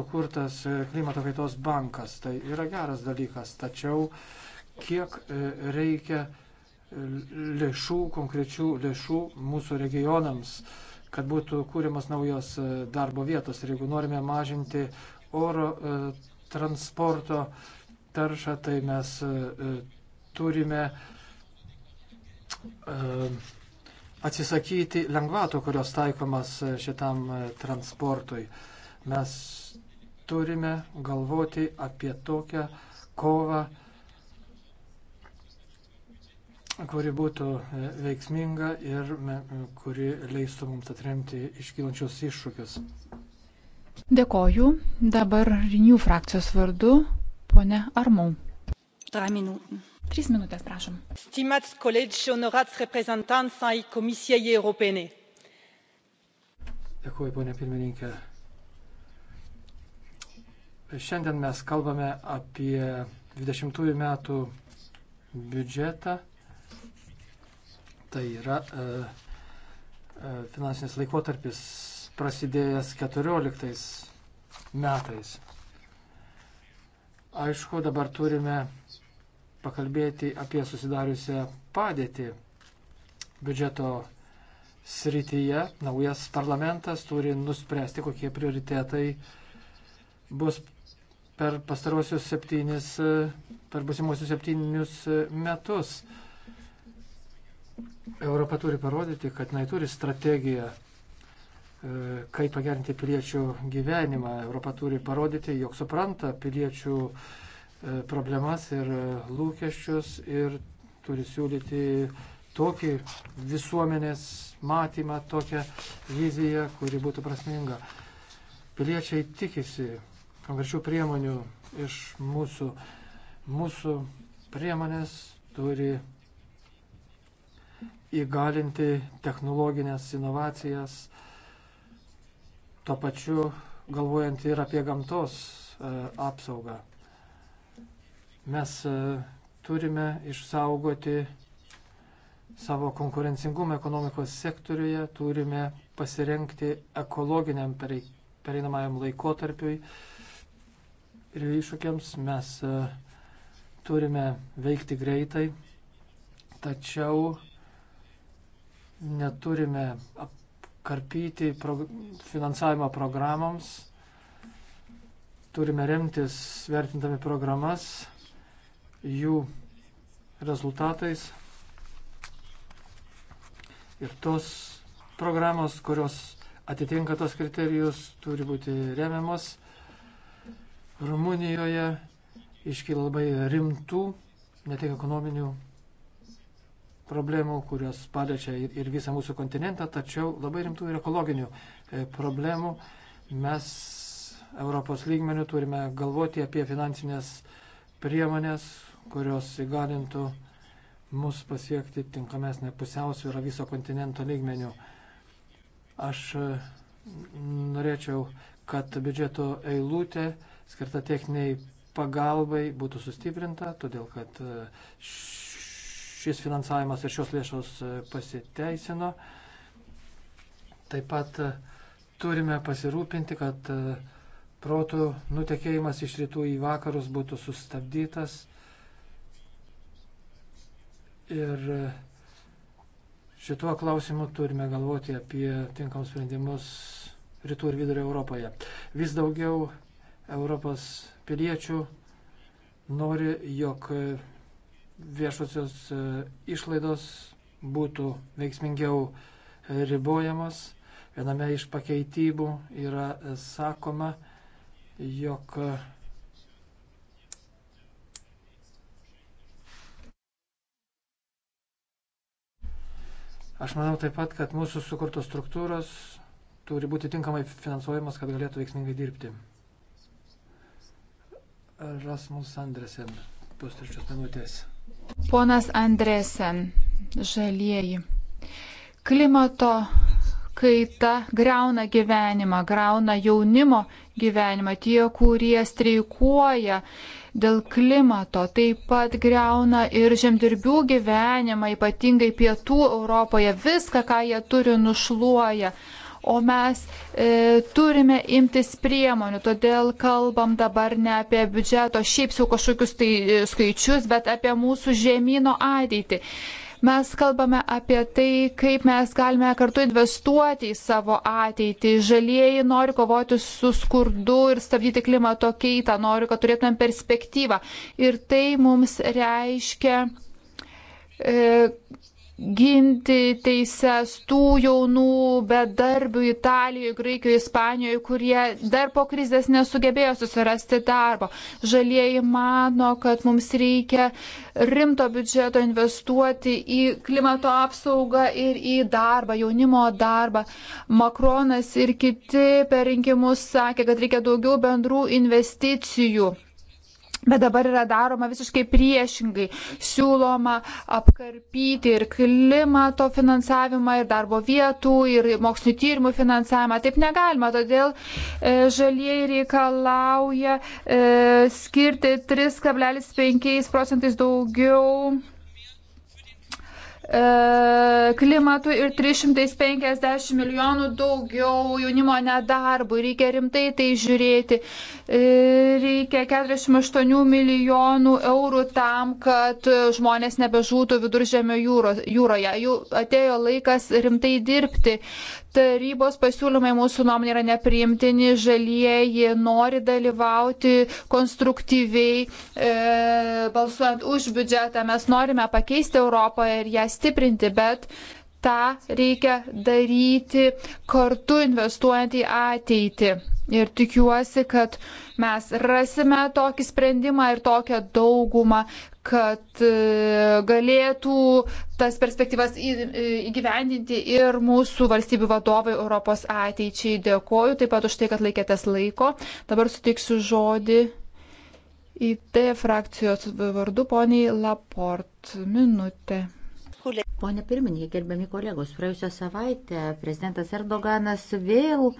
sukurtas e, klimato kaitos bankas. Tai yra geras dalykas, tačiau kiek e, reikia e, lėšų, konkrečių lėšų mūsų regionams, kad būtų kūrimas naujos darbo vietos. Ir jeigu norime mažinti oro transporto taršą, tai mes turime atsisakyti lengvato, kurios taikomas šitam transportui. Mes turime galvoti apie tokią kovą, kuri būtų e, veiksminga ir kuri leistų mums atremti iškylančius iššūkius. Dėkoju. Dabar Renew frakcijos vardu ponė Armau. Trys minutės, prašom. Stimați colegi, onorați reprezentanți ai Comisiei Europene. Dėkoju, ponė pirmininkė. Šiandien mes kalbame apie 20 metų biudžetą. Tai yra e, e, finansinis laikotarpis prasidėjęs 14 metais. Aišku, dabar turime pakalbėti apie susidariusią padėtį biudžeto srityje. Naujas parlamentas turi nuspręsti, kokie prioritetai bus per pastarosius septynis, e, per busimuosius septynius e, metus. Europa turi parodyti, kad jinai turi strategiją, e, kaip pagerinti piliečių gyvenimą. Europa turi parodyti, jog supranta piliečių problemas ir lūkesčius ir turi siūlyti tokį visuomenės matymą, tokią viziją, kuri būtų prasminga. Piliečiai tikisi konkrečių priemonių iš mūsų. Mūsų priemonės turi įgalinti technologinės inovacijas, tuo pačiu galvojant ir apie gamtos e, apsaugą. Mes e, turime išsaugoti savo konkurencingumą ekonomikos sektoriuje, turime pasirenkti ekologiniam pereinamajam laikotarpiui, ir iššūkiams mes e, turime veikti greitai, tačiau neturime apkarpyti prog finansavimo programoms, turime remtis vertindami programas, jų rezultatais ir tos programos, kurios atitinka tos kriterijus, turi būti remiamos Rumunijoje iškyla labai rimtų, ne tik ekonominių problemų, kurios paliečia ir visą mūsų kontinentą, tačiau labai rimtų ir ekologinių e, problemų. Mes Europos lygmenių turime galvoti apie finansinės priemonės, kurios įgalintų mus pasiekti tinkamesnę pusiausvyrą viso kontinento lygmenių. Aš norėčiau, kad biudžeto eilutė skirta techniniai pagalbai būtų sustiprinta, todėl kad e, šis finansavimas ir šios lėšos e, pasiteisino. Taip pat e, turime pasirūpinti, kad protų nutekėjimas iš rytų į vakarus būtų sustabdytas. Ir šituo klausimu turime galvoti apie tinkamus sprendimus rytų ir vidurio Europoje. Vis daugiau Europos piliečių nori, jog viešosios e, išlaidos būtų veiksmingiau ribojamos. Viename iš pakeitimų yra e, sakoma, jog e, Aš manau taip pat, kad mūsų sukurtos struktūros turi būti tinkamai finansuojamos, kad galėtų veiksmingai dirbti. Rasmus Andresen, pustrečios minutės. Ponas Andresen, žalieji. Klimato kaita greuna gyvenimą, greuna jaunimo gyvenimą, tie, kurie streikuoja dėl klimato, taip pat greuna ir žemdirbių gyvenimą, ypatingai pietų Europoje, viską, ką jie turi, nušluoja o mes e, turime imtis priemonių. Todėl kalbam dabar ne apie biudžeto šiaip jau kažkokius tai e, skaičius, bet apie mūsų žemynų ateitį. Mes kalbame apie tai, kaip mes galime kartu investuoti į savo ateitį. Žalieji nori kovoti su skurdu ir stabdyti klimato keitą, nori, kad turėtumėm perspektyvą. Ir tai mums reiškia e, ginti teises tų jaunų bedarbių Italijoje, Graikijoje, Ispanijoje, kurie dar po krizės nesugebėjo susirasti darbo. Žalieji mano, kad mums reikia rimto biudžeto investuoti į klimato apsaugą ir į darbą, jaunimo darbą. Makronas ir kiti per rinkimus sakė, kad reikia daugiau bendrų investicijų. Bet dabar yra daroma visiškai priešingai. Siūloma apkarpyti ir klimato finansavimą, ir darbo vietų, ir mokslinio tyrimų finansavimą. Taip negalima, todėl e, žalieji reikalauja e, skirti 3,5 procentais daugiau E, klimatui ir 350 milijonų daugiau jaunimo nedarbų. Reikia rimtai tai žiūrėti. E, reikia 48 milijonų eurų tam, kad žmonės nebežūtų viduržėmio jūroje. Jau atėjo laikas rimtai dirbti. Tarybos pasiūlymai mūsų nuomonė yra nepriimtini, žalieji nori dalyvauti konstruktyviai, e, balsuojant už biudžetą. Mes norime pakeisti Europą ir ją stiprinti, bet tą reikia daryti kartu investuojant į ateitį. Ir tikiuosi, kad mes rasime tokį sprendimą ir tokią daugumą, kad e, galėtų tas perspektyvas e, įgyvendinti ir mūsų valstybių vadovai Europos ateičiai. Dėkoju taip pat už tai, kad laikėtės laiko. Dabar suteiksiu žodį į T frakcijos vardu poniai Laport. Minutė. Pone pirmininkė, gerbiami kolegos, praėjusią savaitę prezidentas Erdoganas vėl uh,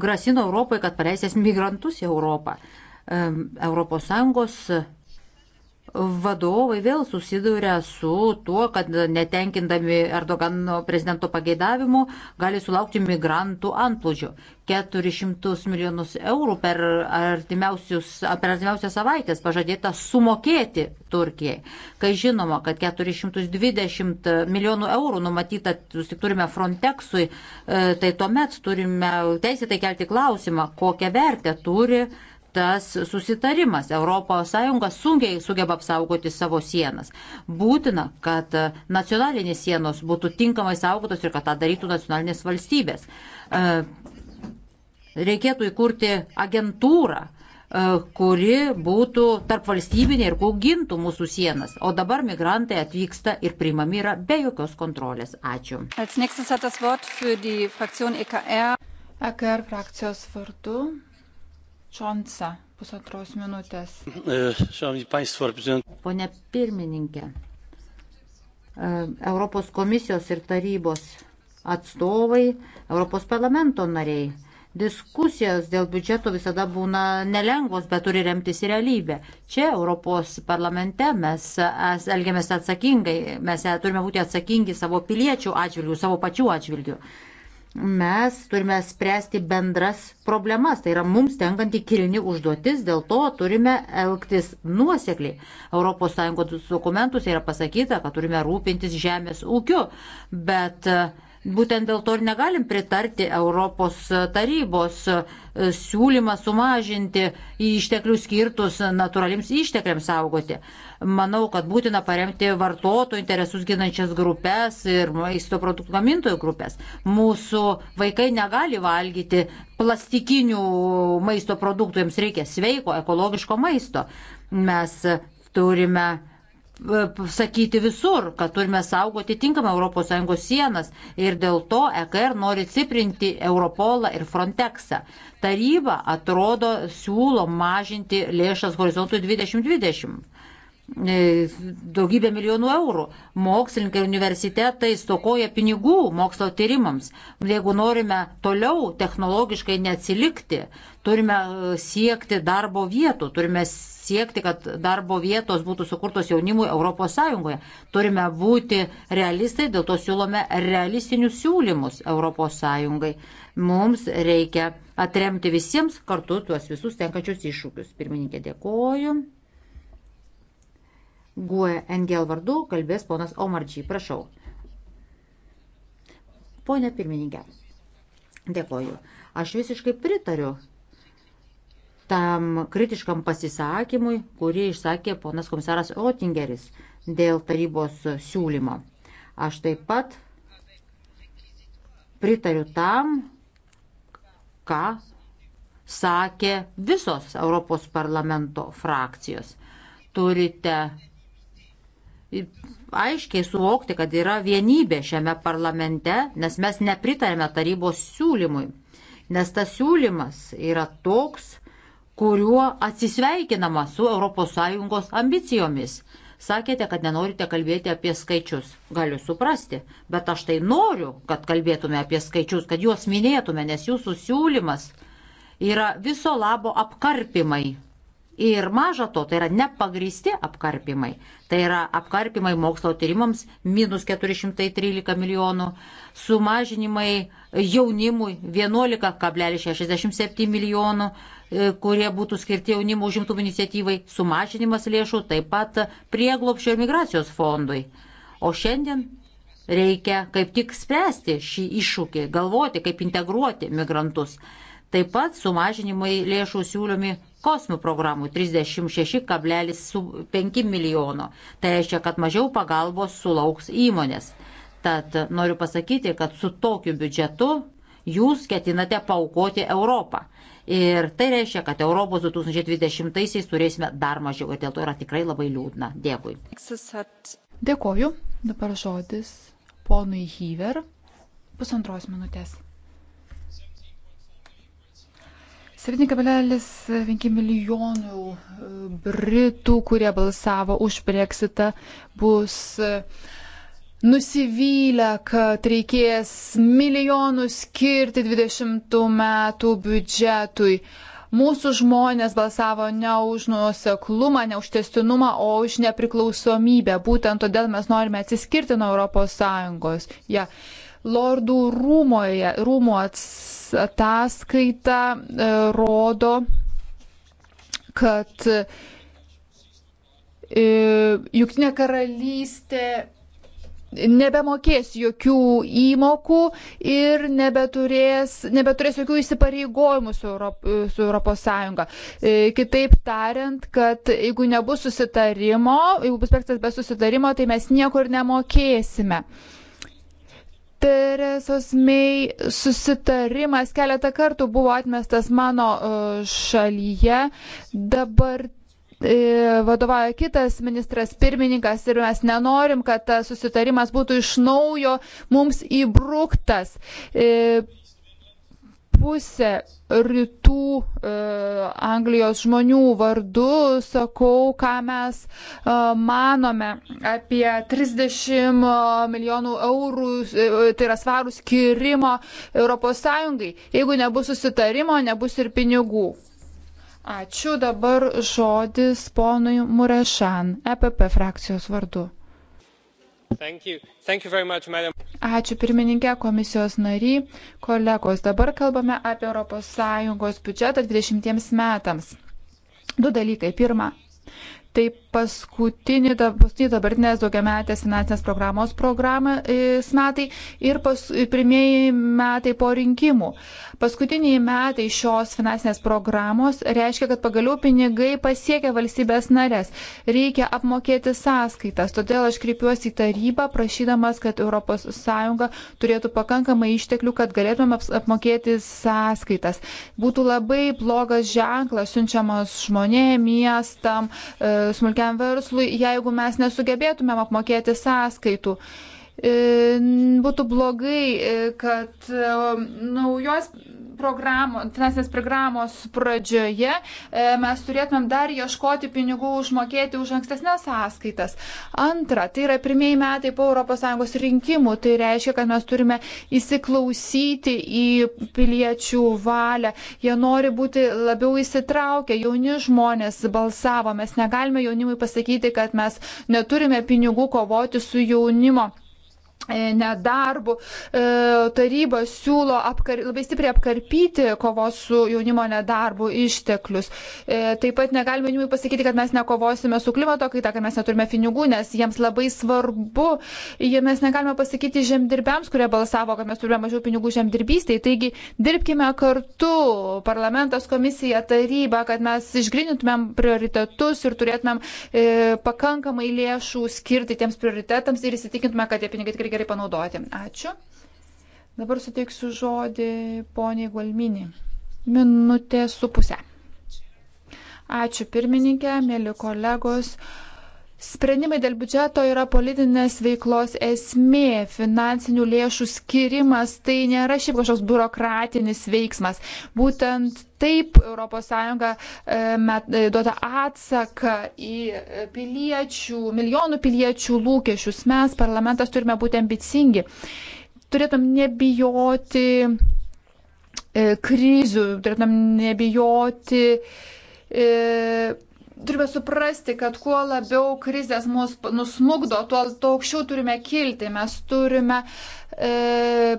grasino Europai, kad paleisės migrantus į Europą. ES vadovai vėl susiduria su tuo, kad netenkindami Erdogano prezidento pageidavimu gali sulaukti migrantų antplūdžio. 400 milijonus eurų per, per artimiausias savaitės pažadėta sumokėti Turkijai. Kai žinoma, kad 420 milijonų eurų numatyta, tik turime Frontexui, e, tai tuomet turime teisėtai kelti klausimą, kokią vertę turi tas susitarimas. ES sunkiai sugeba apsaugoti savo sienas. Būtina, kad nacionalinės sienos būtų tinkamai saugotos ir kad tą darytų nacionalinės valstybės. E, reikėtų įkurti agentūrą e, kuri būtų tarp valstybinė ir kur gintų mūsų sienas. O dabar migrantai atvyksta ir priimami yra be jokios kontrolės. Ačiū. EKR e frakcijos vardu Čonsa, pusantros minutės. E, Pone pirmininkė, e, Europos komisijos ir tarybos atstovai, Europos parlamento nariai. Diskusijos dėl biudžeto visada būna nelengvos, bet turi remtis į realybę. Čia Europos parlamente mes elgiamės atsakingai, mes turime būti atsakingi savo piliečių atžvilgių, savo pačių atžvilgių mes turime spręsti bendras problemas. Tai yra mums tenkanti kilni užduotis, dėl to turime elgtis nuosekliai. ES dokumentuose yra pasakyta, kad turime rūpintis žemės ūkiu, bet uh, Būtent dėl to ir negalim pritarti Europos tarybos e, siūlymą sumažinti išteklių skirtus natūralims ištekliams saugoti. Manau, kad būtina paremti vartotojų interesus ginančias grupės ir maisto produktų gamintojų grupės. Mūsų vaikai negali valgyti plastikinių maisto produktų, jiems reikia sveiko, ekologiško maisto. Mes turime sakyti visur, kad turime saugoti tinkamą ES sienas ir dėl to EKR nori stiprinti Europolą ir Frontexą. Taryba atrodo siūlo mažinti lėšas horizontui 2020. E, daugybę milijonų eurų. Mokslininkai universitetai stokoja pinigų mokslo tyrimams. Jeigu norime toliau technologiškai neatsilikti, turime e, siekti darbo vietų, turime siekti, kad darbo vietos būtų sukurtos jaunimui ES. Turime būti realistai, dėl to siūlome realistinius siūlymus ES. Mums reikia atremti visiems kartu tuos visus tenkačius iššūkius. Pirmininkė, dėkoju. Guoja NGL vardu kalbės ponas Omarčiai. Prašau. Pone pirmininkė, dėkoju. Aš visiškai pritariu tam kritiškam pasisakymui, kurį išsakė ponas komisaras Otingeris dėl tarybos siūlymo. Aš taip pat pritariu tam, ką sakė visos Europos parlamento frakcijos. Turite aiškiai suvokti, kad yra vienybė šiame parlamente, nes mes nepritarėme tarybos siūlymui. Nes tas siūlymas yra toks, kuriuo atsisveikinama su ES ambicijomis. Sakėte, kad nenorite kalbėti apie skaičius. Galiu suprasti, bet aš tai noriu, kad kalbėtume apie skaičius, kad juos minėtume, nes jūsų siūlymas yra viso labo apkarpimai Ir maža to, tai yra nepagristi apkarpimai. Tai yra apkarpimai mokslo tyrimams minus 413 milijonų, sumažinimai jaunimui 11,67 milijonų, e, kurie būtų skirti jaunimo užimtumų iniciatyvai, sumažinimas lėšų taip pat prieglopščio ir migracijos fondui. O šiandien reikia kaip tik spręsti šį iššūkį, galvoti, kaip integruoti migrantus. Taip pat sumažinimai lėšų siūliomi kosmių programų 36,5 milijono. Tai reiškia, kad mažiau pagalbos sulauks įmonės. Tad noriu pasakyti, kad su tokiu biudžetu jūs ketinate paukoti Europą. Ir tai reiškia, kad Europos 2020-aisiais turėsime dar mažiau ir dėl to yra tikrai labai liūdna. Dėkui. Dėkoju. Dabar žodis ponui Hyver. Pusantros minutės. 7,5 milijonų e, Britų, kurie balsavo už Brexitą, bus e, nusivylę, kad reikės milijonų skirti 20 metų biudžetui. Mūsų žmonės balsavo ne už nuoseklumą, ne už testinumą, o už nepriklausomybę. Būtent todėl mes norime atsiskirti nuo ES. Ja. Yeah Lordų rūmoje, rūmo ataskaita e, rodo, kad e, Juktinė karalystė nebemokės jokių įmokų ir nebeturės, nebeturės jokių įsipareigojimų su, Europ, su Europos Sąjunga. E, kitaip tariant, kad jeigu nebus susitarimo, jeigu bus pektas be susitarimo, tai mes niekur nemokėsime. Uh, Teresos Mei susitarimas keletą kartų buvo atmestas mano e, šalyje. Dabar e, vadovauja kitas ministras pirmininkas ir mes nenorim, kad tas susitarimas būtų iš naujo mums įbruktas. E, pusę rytų e, Anglijos žmonių vardu sakau, ką mes e, manome apie 30 milijonų eurų, e, tai yra svarų skirimo ES. Jeigu nebus susitarimo, nebus ir pinigų. Ačiū dabar žodis ponui Murešan, EPP frakcijos vardu. Ačiū pirmininkė, komisijos nariai, kolegos. Dabar kalbame apie ES biudžetą 20 metams. Du dalykai. Pirma, taip paskutinį, paskutinį dabartinės daugiametės finansinės programos programą e, metai ir pas, pirmieji metai po rinkimų. Paskutiniai metai šios finansinės programos reiškia, kad pagaliau pinigai pasiekia valstybės narės. Reikia apmokėti sąskaitas. Todėl aš kreipiuosi į tarybą, prašydamas, kad ES turėtų pakankamai išteklių, kad galėtumėm apmokėti sąskaitas. Būtų labai blogas ženklas siunčiamas žmonėm, miestam, e, smulkiam tokiam verslui, jeigu mes nesugebėtumėm apmokėti sąskaitų. E, būtų blogai, e, kad e, naujos programo, finansinės programos pradžioje mes turėtumėm dar ieškoti pinigų užmokėti už ankstesnės sąskaitas. Antra, tai yra pirmieji metai po ES rinkimų, tai reiškia, kad mes turime įsiklausyti į piliečių valią. Jie nori būti labiau įsitraukę, jauni žmonės balsavo, mes negalime jaunimui pasakyti, kad mes neturime pinigų kovoti su jaunimo E, nedarbu. E, taryba siūlo apkar, labai stipriai apkarpyti kovos su jaunimo nedarbu išteklius. E, taip pat negalime jaunimui pasakyti, kad mes nekovosime su klimato kaita, kad mes neturime pinigų, nes jiems labai svarbu. Mes negalime pasakyti žemdirbiams, kurie balsavo, kad mes turime mažiau pinigų žemdirbystėje. Taigi dirbkime kartu, parlamentas, komisija, taryba, kad mes išgrinintumėm prioritetus ir turėtumėm e, pakankamai lėšų skirti tiems prioritetams ir įsitikintume, kad tie pinigai tikrai labai gerai panaudoti. Ačiū. Dabar suteiksiu žodį poniai Gualminį. Minutė su pusė. Ačiū pirmininkė, mėly kolegos. Uh, Sprendimai dėl biudžeto yra politinės veiklos esmė, finansinių lėšų skirimas, tai nėra šiaip kažkoks biurokratinis veiksmas. Būtent taip ES e, e, duoda atsaką į e, piliečių, milijonų piliečių lūkesčius. Mes, parlamentas, turime būti ambicingi. Turėtum nebijoti krizių, turėtum nebijoti. E, turime suprasti, kad kuo labiau krizės mus nusmugdo, tuo, tuo aukščiau turime kilti. Mes turime. E,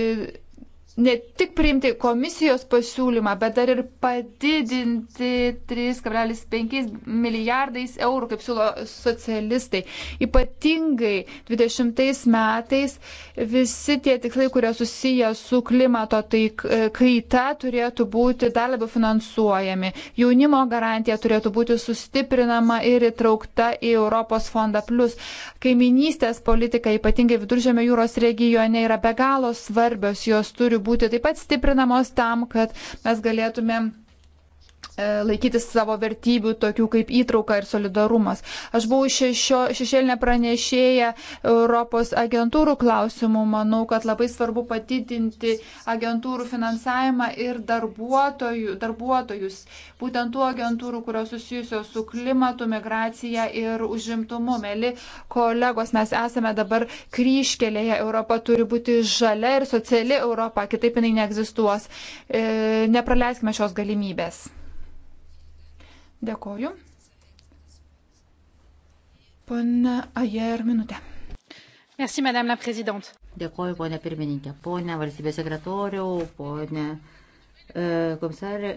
e, ne tik priimti komisijos pasiūlymą, bet dar ir padidinti 3,5 milijardais eurų, kaip siūlo socialistai. Ypatingai 20 metais visi tie tikslai, kurie susiję su klimato tai kaita, turėtų būti dar labiau finansuojami. Jaunimo garantija turėtų būti sustiprinama ir įtraukta į Europos fondą. Plus kaiminystės politika, ypatingai viduržėmio jūros regione, yra be galo svarbios. Jos turi būti taip pat stiprinamos tam, kad mes galėtume E, laikytis savo vertybių, tokių kaip įtrauka ir solidarumas. Aš buvau šešio, šešėlinė pranešėja Europos agentūrų klausimų. Manau, kad labai svarbu patidinti agentūrų finansavimą ir darbuotojų, darbuotojus. Būtent tų agentūrų, kurios susijusios su klimatu, migracija ir užimtumu. Mėly kolegos, mes esame dabar kryškelėje. Europa turi būti žalia ir sociali Europa, kitaip jinai neegzistuos. E, nepraleiskime šios galimybės. Dėkoju. Pane Ajer, minutė. Merci, madame la présidente. Dėkoju, ponė pirmininkė, ponė valstybės sekretoriau, ponė e, komisarė,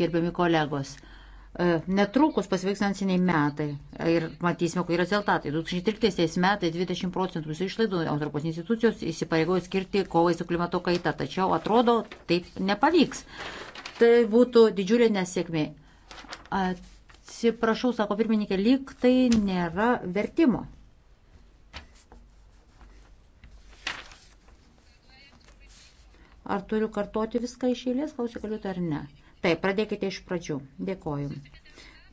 gerbiami kolegos. E, netrukus pasveiks finansiniai metai ir matysime, kokie rezultatai. 2013 metais 20 procentų visų išlaidų Europos institucijos įsipareigojo skirti kovai su klimato kaita, tačiau atrodo, taip nepavyks. Tai būtų didžiulė nesėkmė. Atsiprašau, sako pirmininkė, lyg tai nėra vertimo. Ar turiu kartoti viską iš eilės, klausė kalbėtų ar ne? Taip, pradėkite iš pradžių. Dėkoju.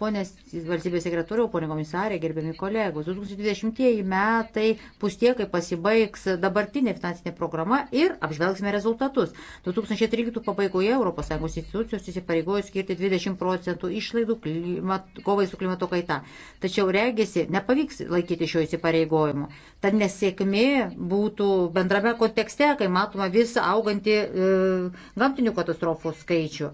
Ponės valstybės sekretoriau, ponė komisarė, gerbiami kolegos, 2020 metai bus tie, kai pasibaigs dabartinė finansinė programa ir apžvelgsime rezultatus. 2013 pabaigoje ES institucijos įsipareigojo skirti 20 procentų išlaidų klimat, kovai su klimato kaita. Tačiau regisi, nepavyks laikyti šio įsipareigojimo. Ta nesėkmė būtų bendrame kontekste, kai matoma visą augantį e, gamtinių katastrofų skaičių.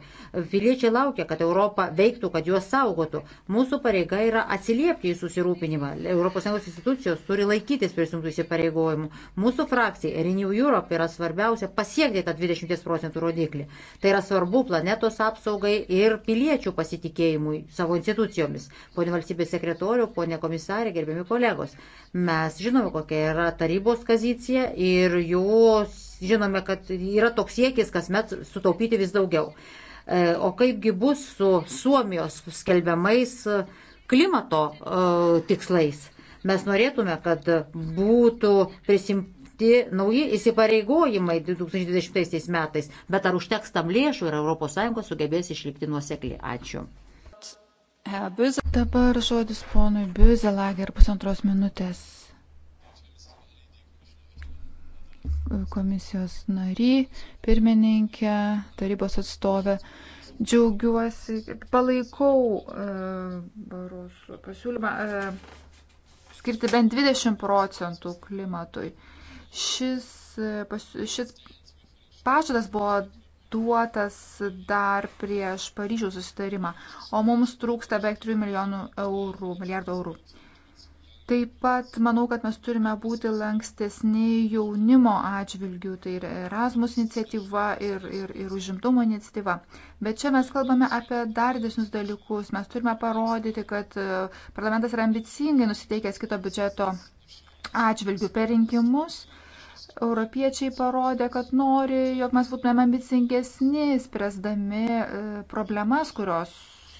Piliečiai laukia, kad Europa veiktų, kad juos saugotų metų. Mūsų pareiga yra atsiliepti į susirūpinimą. ES institucijos turi laikytis prisimtų įsipareigojimų. Mūsų frakcijai Renew Europe yra svarbiausia pasiekti tą 20 procentų rodiklį. Tai yra svarbu planetos apsaugai ir piliečių pasitikėjimui savo institucijomis. Pone valstybės sekretorių, pone komisarė, gerbiami kolegos, mes žinome, kokia yra tarybos pozicija ir jos žinome, kad yra toks siekis kasmet sutaupyti vis daugiau. E, o kaipgi bus su Suomijos skelbiamais e, klimato e, tikslais? Mes norėtume, kad būtų prisimti nauji įsipareigojimai 2020 metais, bet ar užteks tam lėšų ir ES sugebės išlikti nuosekliai? Ačiū. Dabar žodis ponui Biuzelager pusantros minutės. komisijos nary, pirmininkė, tarybos atstovė. Džiaugiuosi, palaikau e, Baroso pasiūlymą e, skirti bent 20 procentų klimatui. Šis, e, šis pažadas buvo duotas dar prieš Paryžiaus susitarimą, o mums trūksta beveik 3 milijonų eurų, milijardų eurų. Taip pat manau, kad mes turime būti lankstesni jaunimo atžvilgių, tai ir Erasmus iniciatyva, ir, ir, ir užimtumo iniciatyva. Bet čia mes kalbame apie dar didesnius dalykus. Mes turime parodyti, kad e, parlamentas yra ambicingai nusiteikęs kito biudžeto atžvilgių per rinkimus. Europiečiai parodė, kad nori, jog mes būtumėm ambicingesni, spręsdami e, problemas, kurios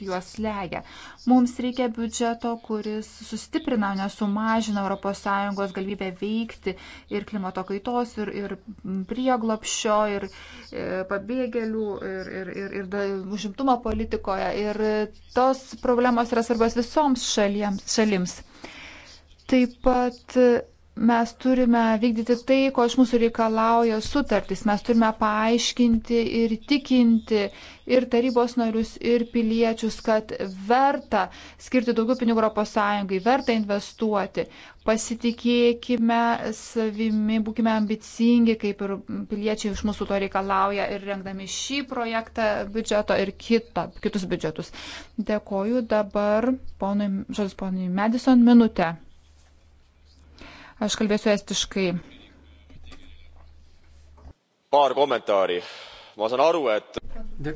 juos legia. Mums reikia biudžeto, kuris sustiprina, nesumažina ES galimybę veikti ir klimato kaitos, ir, ir prieglopšio, ir, ir e, pabėgėlių, ir, ir, ir, ir užimtumo politikoje. Ir tos problemos yra svarbios visoms šaliems, šalims. Taip pat mes turime vykdyti tai, ko iš mūsų reikalauja sutartys. Mes turime paaiškinti ir tikinti ir tarybos narius, ir piliečius, kad verta skirti daugiau pinigų ES, verta investuoti. Pasitikėkime savimi, būkime ambicingi, kaip ir piliečiai iš mūsų to reikalauja ir rengdami šį projektą biudžeto ir kitą, kitus biudžetus. Dėkoju dabar ponui, žodis ponui Madison, minutę. Aš kalbėsiu estiškai. Paar komentarį. Ma saan aru, et... De,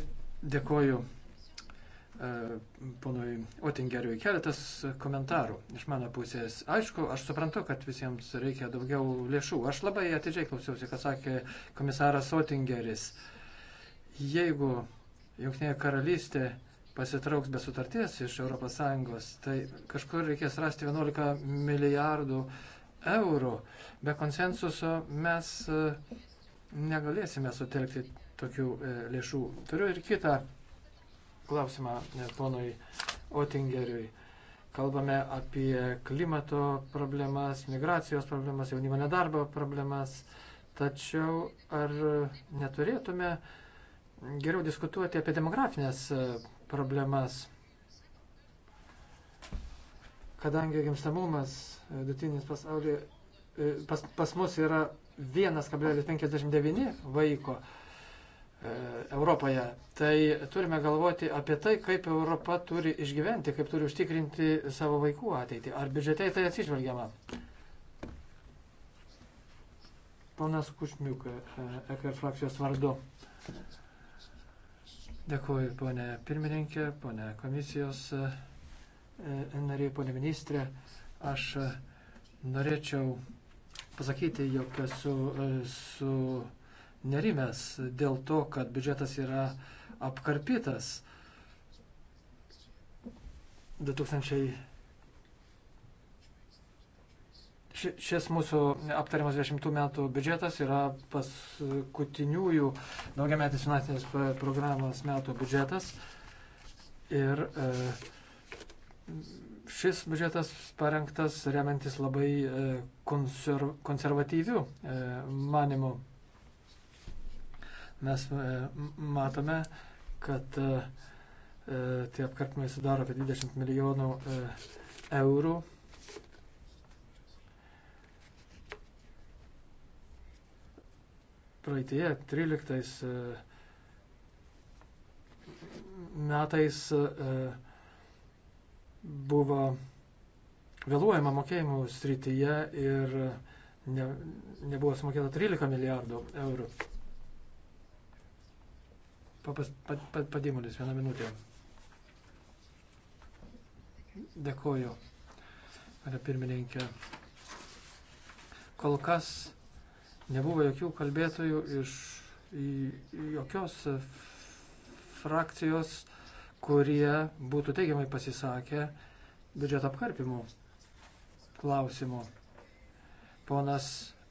dėkoju eh, ponui Otingeriui keletas komentarų iš mano pusės. Aišku, aš suprantu, kad visiems reikia daugiau lėšų. Aš labai atidžiai klausiausi, ką sakė komisaras Otingeris. Jeigu Junktinė karalystė pasitrauks be sutarties iš ES, tai kažkur reikės rasti 11 milijardų eurų. Be konsensuso mes e, negalėsime sutelkti tokių e, lėšų. Turiu ir kitą klausimą e, ponui Otingeriui. Kalbame apie klimato problemas, migracijos problemas, jaunimo nedarbo problemas. Tačiau ar neturėtume geriau diskutuoti apie demografinės problemas? kadangi gimstamumas e, vidutinis pasaulyje pas, pas mus yra 1,59 vaiko e, Europoje, tai turime galvoti apie tai, kaip Europa turi išgyventi, kaip turi užtikrinti savo vaikų ateitį. Ar biudžete į tai atsižvelgiama? Ponas Kušmiuk, EKR frakcijos vardu. Dėkuoju, ponė pirmininkė, ponė komisijos. E, E, nariai, ponė ministrė, aš e, norėčiau pasakyti, jog esu e, su nerimės dėl to, kad biudžetas yra apkarpytas. 2000 Šis mūsų aptariamas 20 metų biudžetas yra paskutiniųjų daugiametės finansinės programos metų biudžetas. Ir e, šis biudžetas parengtas remiantis labai e, konserv, konservatyvių e, manimų. Mes e, matome, kad tie apkartimai sudaro apie 20 milijonų eurų. Praeitie 13 metais buvo vėluojama mokėjimų srityje ir ne, nebuvo sumokėta 13 milijardų eurų. Papas, pad, pad, padimulis, vieną minutę. Dėkoju, pane pirmininkė. Kol kas nebuvo jokių kalbėtojų iš jokios frakcijos kurie būtų teigiamai pasisakę biudžeto apkarpimų klausimų. Ponas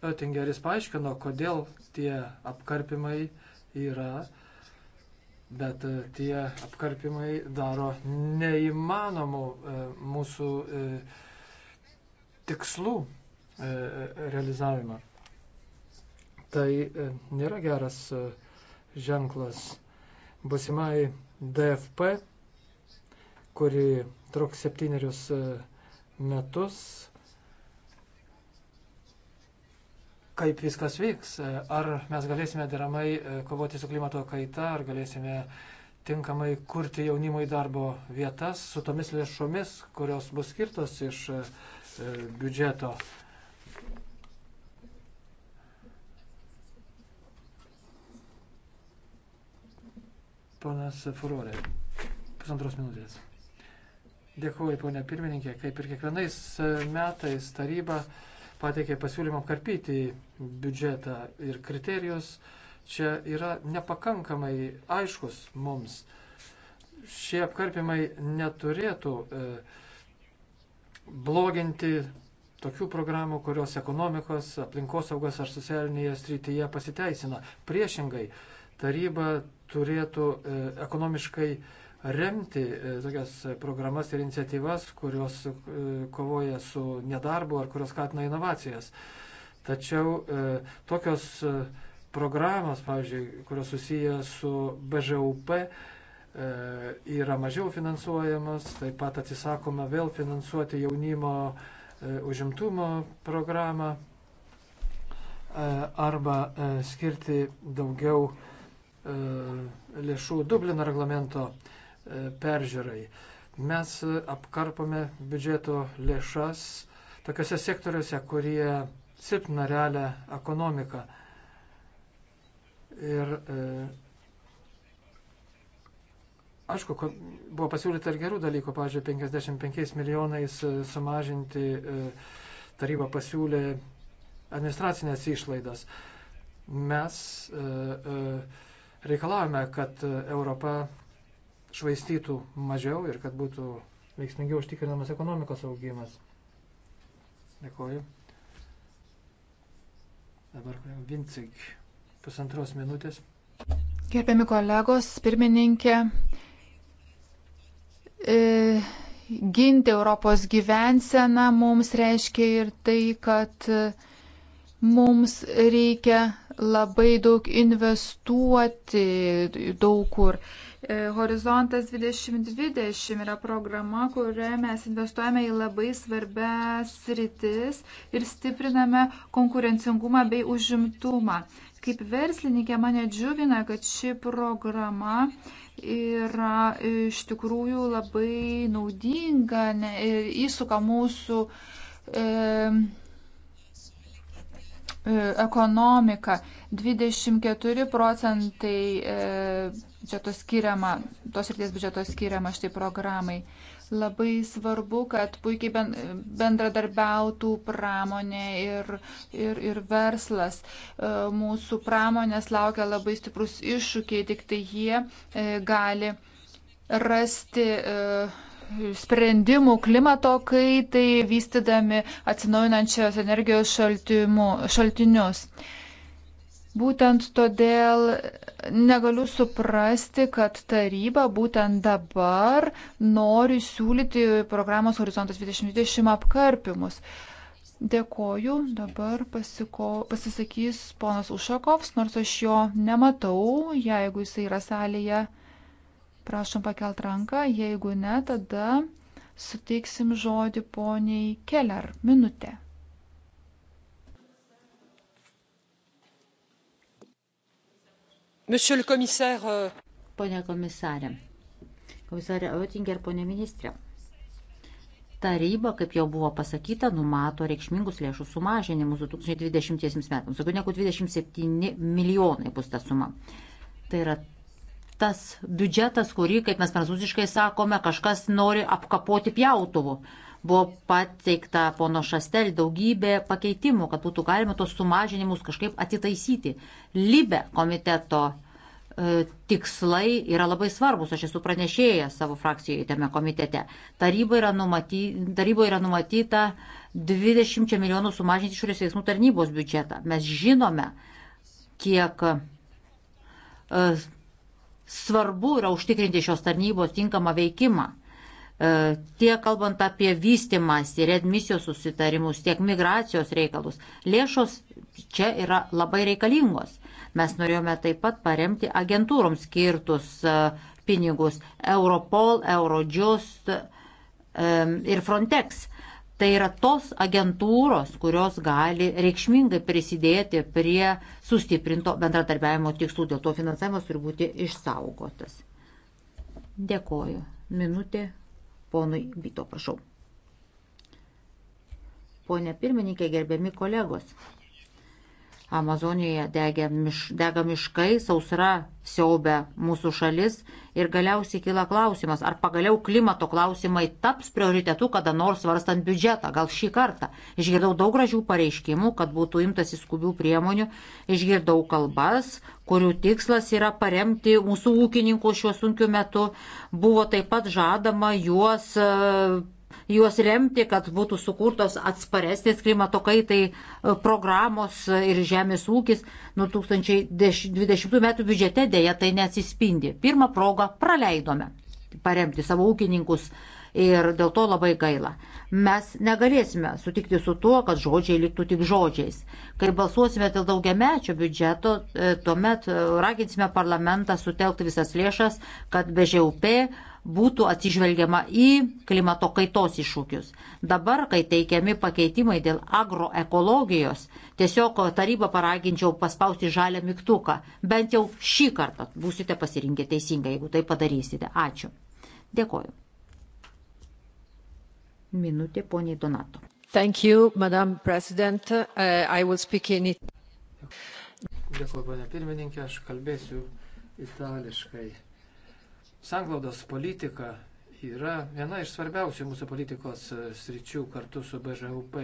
Oettingeris paaiškino, kodėl tie apkarpimai yra, bet e, tie apkarpimai daro neįmanomų e, mūsų e, tikslų realizavimą. Tai nėra geras ženklas busimai DFP, kuri truks septynerius e, metus. Kaip viskas vyks? E, ar mes galėsime deramai e, kovoti su klimato kaita, ar galėsime tinkamai kurti jaunimui darbo vietas su tomis lėšomis, kurios bus skirtos iš biudžeto? Ponas Furorė, pusantros minutės. Dėkuoju, ponė pirmininkė. Kaip ir kiekvienais e, metais taryba pateikė pasiūlymą apkarpyti biudžetą ir kriterijus čia yra nepakankamai aiškus mums. Šie apkarpimai neturėtų e, bloginti tokių programų, kurios ekonomikos, aplinkosaugos ar socialinėje srityje pasiteisina. Priešingai, e, taryba turėtų e, ekonomiškai remti e, tokias programas ir iniciatyvas, kurios e, kovoja su nedarbu ar kurios skatina inovacijas. Tačiau tokios programos, pavyzdžiui, kurios susiję su BŽUP, yra mažiau finansuojamos, taip pat atsisakoma vėl finansuoti jaunimo užimtumo programą arba skirti daugiau E, lėšų Dublino reglamento e, peržiūrai. Mes apkarpame biudžeto lėšas tokiuose sektoriuose, kurie silpna realią ekonomiką. Ir e, aišku, buvo pasiūlyta ir gerų dalykų, pavyzdžiui, 55 milijonais e, sumažinti e, taryba pasiūlė administracinės išlaidas. Mes e, e, reikalavome, kad Europa švaistytų mažiau ir kad būtų veiksmingiau užtikrinamas ekonomikos augimas. Dėkuoju. Dabar Vincig, pusantros minutės. Gerbiami kolegos, pirmininkė, e, ginti Europos gyvenseną mums reiškia ir tai, kad mums reikia labai daug investuoti daug kur. E, horizontas 2020 yra programa, kurioje mes investuojame į labai svarbias rytis ir stipriname konkurencingumą bei užimtumą. Kaip verslininkė mane džiugina, kad ši programa yra iš tikrųjų labai naudinga ne, ir įsuka mūsų e, E, ekonomika. 24 procentai e, biudžeto skiriama, tos ir ties biudžeto skiriama štai programai. Labai svarbu, kad puikiai bendradarbiautų pramonė ir, ir, ir verslas. E, mūsų pramonės laukia labai stiprus iššūkiai, tik tai jie gali rasti sprendimų klimato kaitai, vystydami atsinaujinančios energijos šaltimu, šaltinius. Būtent todėl negaliu suprasti, kad taryba būtent dabar nori siūlyti programos Horizontas 2020 apkarpimus. Dėkoju, dabar pasiko, pasisakys ponas Ušakovs, nors aš jo nematau, jeigu jisai yra salėje. Prašom pakelt ranką, jeigu ne, tada suteiksim žodį poniai Keller. Minutė. Monsieur le commissaire. Euh, pone komisarė. Komisarė Oettinger, ponė ministrė. Taryba, kaip jau buvo pasakyta, numato reikšmingus lėšų sumažinimus 2020 metams. Daugiau negu 27 milijonai bus ta suma. Tai yra tas biudžetas, kurį, kaip mes prancūziškai sakome, kažkas nori apkapoti pjautuvu. Buvo pateikta pono Šastel daugybė pakeitimų, kad būtų galima tos sumažinimus kažkaip atitaisyti. Libe komiteto e, tikslai yra labai svarbus. Aš esu pranešėjęs savo frakcijoje tame komitete. Taryboje yra, numaty, taryba yra numatyta 20 milijonų sumažinti išorės veiksmų tarnybos biudžetą. Mes žinome, kiek e, svarbu yra užtikrinti šios tarnybos tinkamą veikimą. E, tiek kalbant apie vystimas ir admisijos susitarimus, tiek migracijos reikalus, lėšos čia yra labai reikalingos. Mes norėjome taip pat paremti agentūroms skirtus e, pinigus Europol, Eurojust e, ir Frontex. Tai yra tos agentūros, kurios gali reikšmingai prisidėti prie sustiprinto bendradarbiavimo tikslų, dėl to finansavimas turi būti išsaugotas. Dėkoju. Minutė ponui Byto, prašau. Pone pirmininkė, gerbiami kolegos. Amazonijoje dega, miš, dega miškai, sausra siaubia mūsų šalis ir galiausiai kyla klausimas, ar pagaliau klimato klausimai taps prioritetu kada nors svarstant biudžetą, gal šį kartą. Išgirdau daug gražių pareiškimų, kad būtų imtas įskubių priemonių, išgirdau kalbas, kurių tikslas yra paremti mūsų ūkininkus šiuo sunkiu metu. Buvo taip pat žadama juos e, juos remti, kad būtų sukurtos atsparesnės klimato kaitai e, programos ir žemės ūkis. 2020 nu, m. biudžete dėja tai neatsispindi. Pirmą progą praleidome paremti savo ūkininkus ir dėl to labai gaila. Mes negalėsime sutikti su tuo, kad žodžiai liktų tik žodžiais. Kai balsuosime dėl daugiamečio biudžeto, e, tuomet e, raginsime parlamentą sutelkti visas lėšas, kad BŽUP būtų atsižvelgiama į klimato kaitos iššūkius. Dabar, kai teikiami pakeitimai dėl agroekologijos, tiesiog tarybą paraginčiau paspausti žalią mygtuką. Bent jau šį kartą būsite pasirinkę teisingai, jeigu tai padarysite. Ačiū. Dėkoju. Minutė poniai Donato. Thank you, Madam President. Uh, I will speak in it. Dėkuoju, ponia pirmininkė, aš kalbėsiu itališkai. Sanglaudos politika yra viena iš svarbiausių mūsų politikos e, sričių kartu su BŽUP.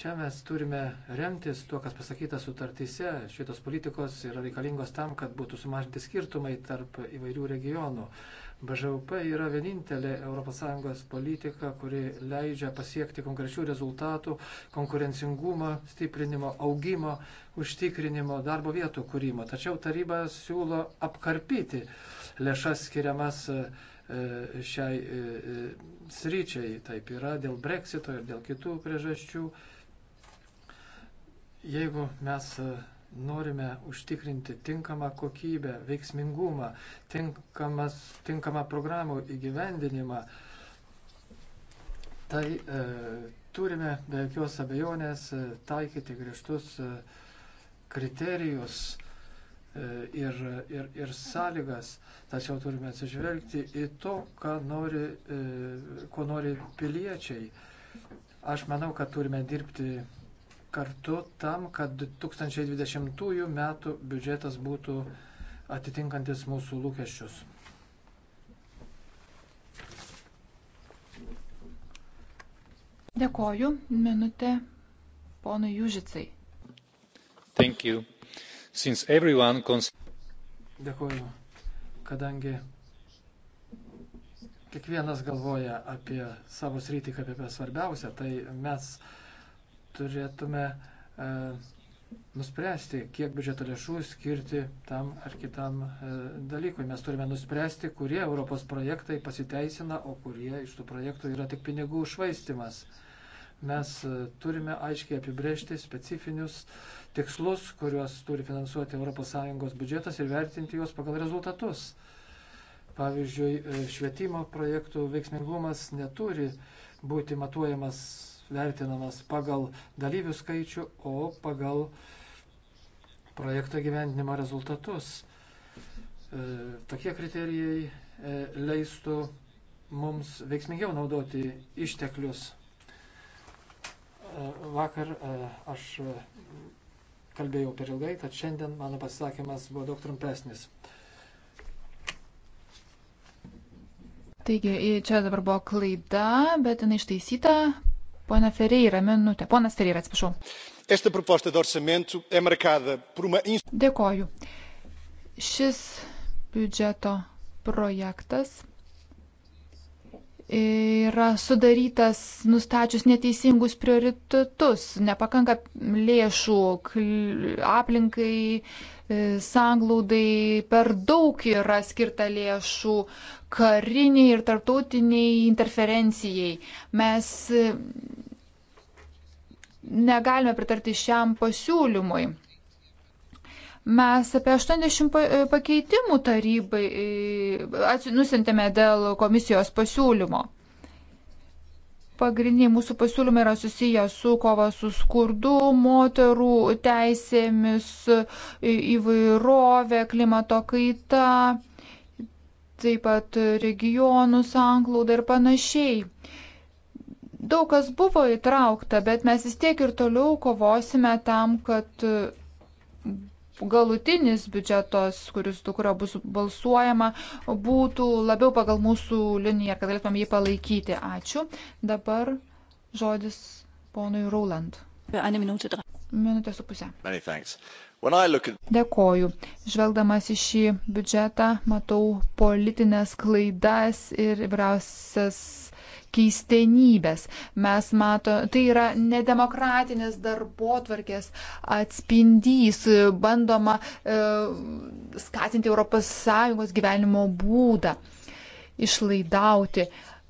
Čia mes turime remtis tuo, kas pasakyta sutartyse. Šitos politikos yra reikalingos tam, kad būtų sumažinti skirtumai tarp įvairių regionų. BŽUP yra vienintelė ES politika, kuri leidžia pasiekti konkrečių rezultatų, konkurencingumo, stiprinimo, augimo, užtikrinimo, darbo vietų kūrimo. Tačiau taryba siūlo apkarpyti uh, lėšas skiriamas e, e, šiai e, sryčiai. Taip yra dėl breksito ir dėl kitų priežasčių. Jeigu mes norime užtikrinti tinkamą kokybę, veiksmingumą, tinkamas, tinkamą programų įgyvendinimą, tai e, turime be jokios abejonės taikyti griežtus kriterijus, E, ir, ir, ir sąlygas, tačiau turime atsižvelgti į to, nori, e, ko nori piliečiai. Aš manau, kad turime dirbti kartu tam, kad 2020 metų biudžetas būtų atitinkantis mūsų lūkesčius. Dėkoju. Minutė ponui Jūžicai. Thank you since everyone Dėkuoju, kadangi kiekvienas galvoja apie savo sritį kaip apie svarbiausią, tai mes turėtume e, nuspręsti, kiek biudžeto lėšų skirti tam ar kitam e, dalykui. Mes turime nuspręsti, kurie Europos projektai pasiteisina, o kurie iš tų projektų yra tik pinigų švaistimas. E, Mes e, turime aiškiai apibrėžti specifinius tikslus, kuriuos turi finansuoti ES biudžetas ir vertinti juos pagal rezultatus. Pavyzdžiui, e, švietimo projektų veiksmingumas neturi būti matuojamas, vertinamas pagal dalyvių skaičių, o pagal projekto gyvendinimo rezultatus. E, tokie kriterijai leistų mums veiksmingiau naudoti išteklius E, vakar e, aš e, kalbėjau per ilgai, tad šiandien mano pasisakymas buvo daug trumpesnis. Taigi, čia dabar buvo klaida, bet jinai ištaisyta. Pone Ferreira, minutė. Ponas Ferreira, atsiprašau. Dėkoju. Šis biudžeto projektas yra sudarytas nustačius neteisingus prioritetus, nepakanka lėšų aplinkai, e, sanglaudai, per daug yra skirta lėšų kariniai ir tarptautiniai interferencijai. Mes e, negalime pritarti šiam pasiūlymui. Mes apie 80 e, pakeitimų tarybai e, nusintėme dėl komisijos pasiūlymo. Pagrindiniai mūsų pasiūlymai yra susiję su kova su skurdu, moterų teisėmis, įvairovė, klimato kaita, taip pat regionų sanglauda ir panašiai daug kas buvo įtraukta, bet mes vis tiek ir toliau kovosime tam, kad galutinis biudžetas, kuris, kurio bus balsuojama, būtų labiau pagal mūsų liniją, kad galėtumėm jį palaikyti. Ačiū. Dabar žodis ponui Rauland. Minutė su pusė. Dėkoju. Žvelgdamas į šį biudžetą, matau politinės klaidas ir vyriausias keistenybės. Mes mato, tai yra nedemokratinės darbo tvarkės atspindys, bandoma e, skatinti ES gyvenimo būdą, išlaidauti.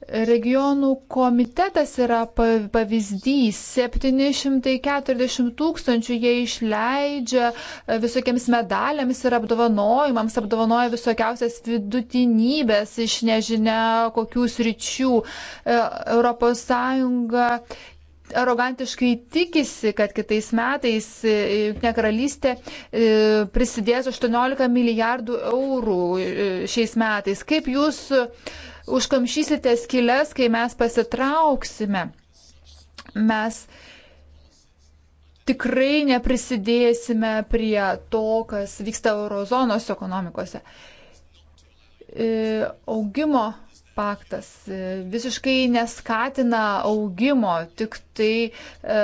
Regionų komitetas yra pavyzdys. 740 tūkstančių jie išleidžia e, visokiems medaliams ir apdovanojimams, apdovanoja visokiausias vidutinybės iš nežinia kokių sričių. ES arogantiškai tikisi, kad kitais metais e, Junktinė karalystė e, prisidės 18 milijardų eurų šiais metais. Kaip jūs užkamšysite skilės, kai mes pasitrauksime. Mes tikrai neprisidėsime prie to, kas vyksta eurozonos ekonomikose. E, augimo paktas e, visiškai neskatina augimo, tik tai e,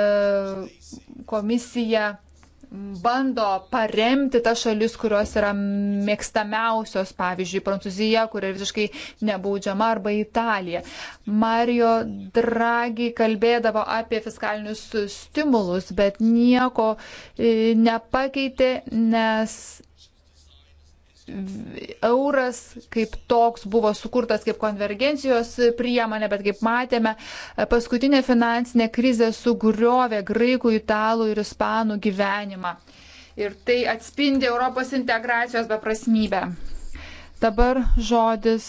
komisija bando paremti tas šalis, kurios yra mėgstamiausios, pavyzdžiui, Prancūzija, kuria visiškai nebaudžiama, arba Italija. Mario Draghi kalbėdavo apie fiskalinius stimulus, bet nieko e, nepakeitė, nes euras kaip toks buvo sukurtas kaip konvergencijos priemonė, bet kaip matėme, paskutinė finansinė krizė sugriovė graikų, italų ir ispanų gyvenimą. Ir tai atspindi Europos integracijos beprasmybę. Dabar žodis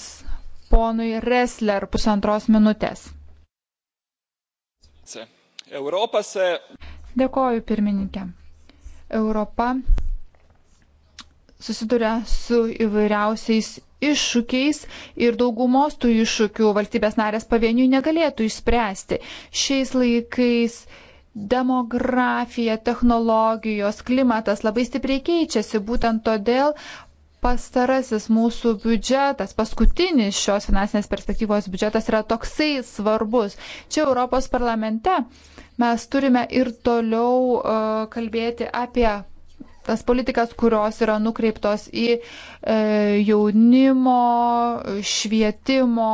ponui Resler pusantros minutės. Europose. Dėkoju pirmininkė. Europa susiduria su įvairiausiais iššūkiais ir daugumos tų iššūkių valstybės narės pavieniui negalėtų išspręsti. Šiais laikais demografija, technologijos, klimatas labai stipriai keičiasi, būtent todėl pastarasis mūsų biudžetas, paskutinis šios finansinės perspektyvos biudžetas yra toksai svarbus. Čia Europos parlamente mes turime ir toliau uh, kalbėti apie tas politikas, kurios yra nukreiptos į e, jaunimo, švietimo,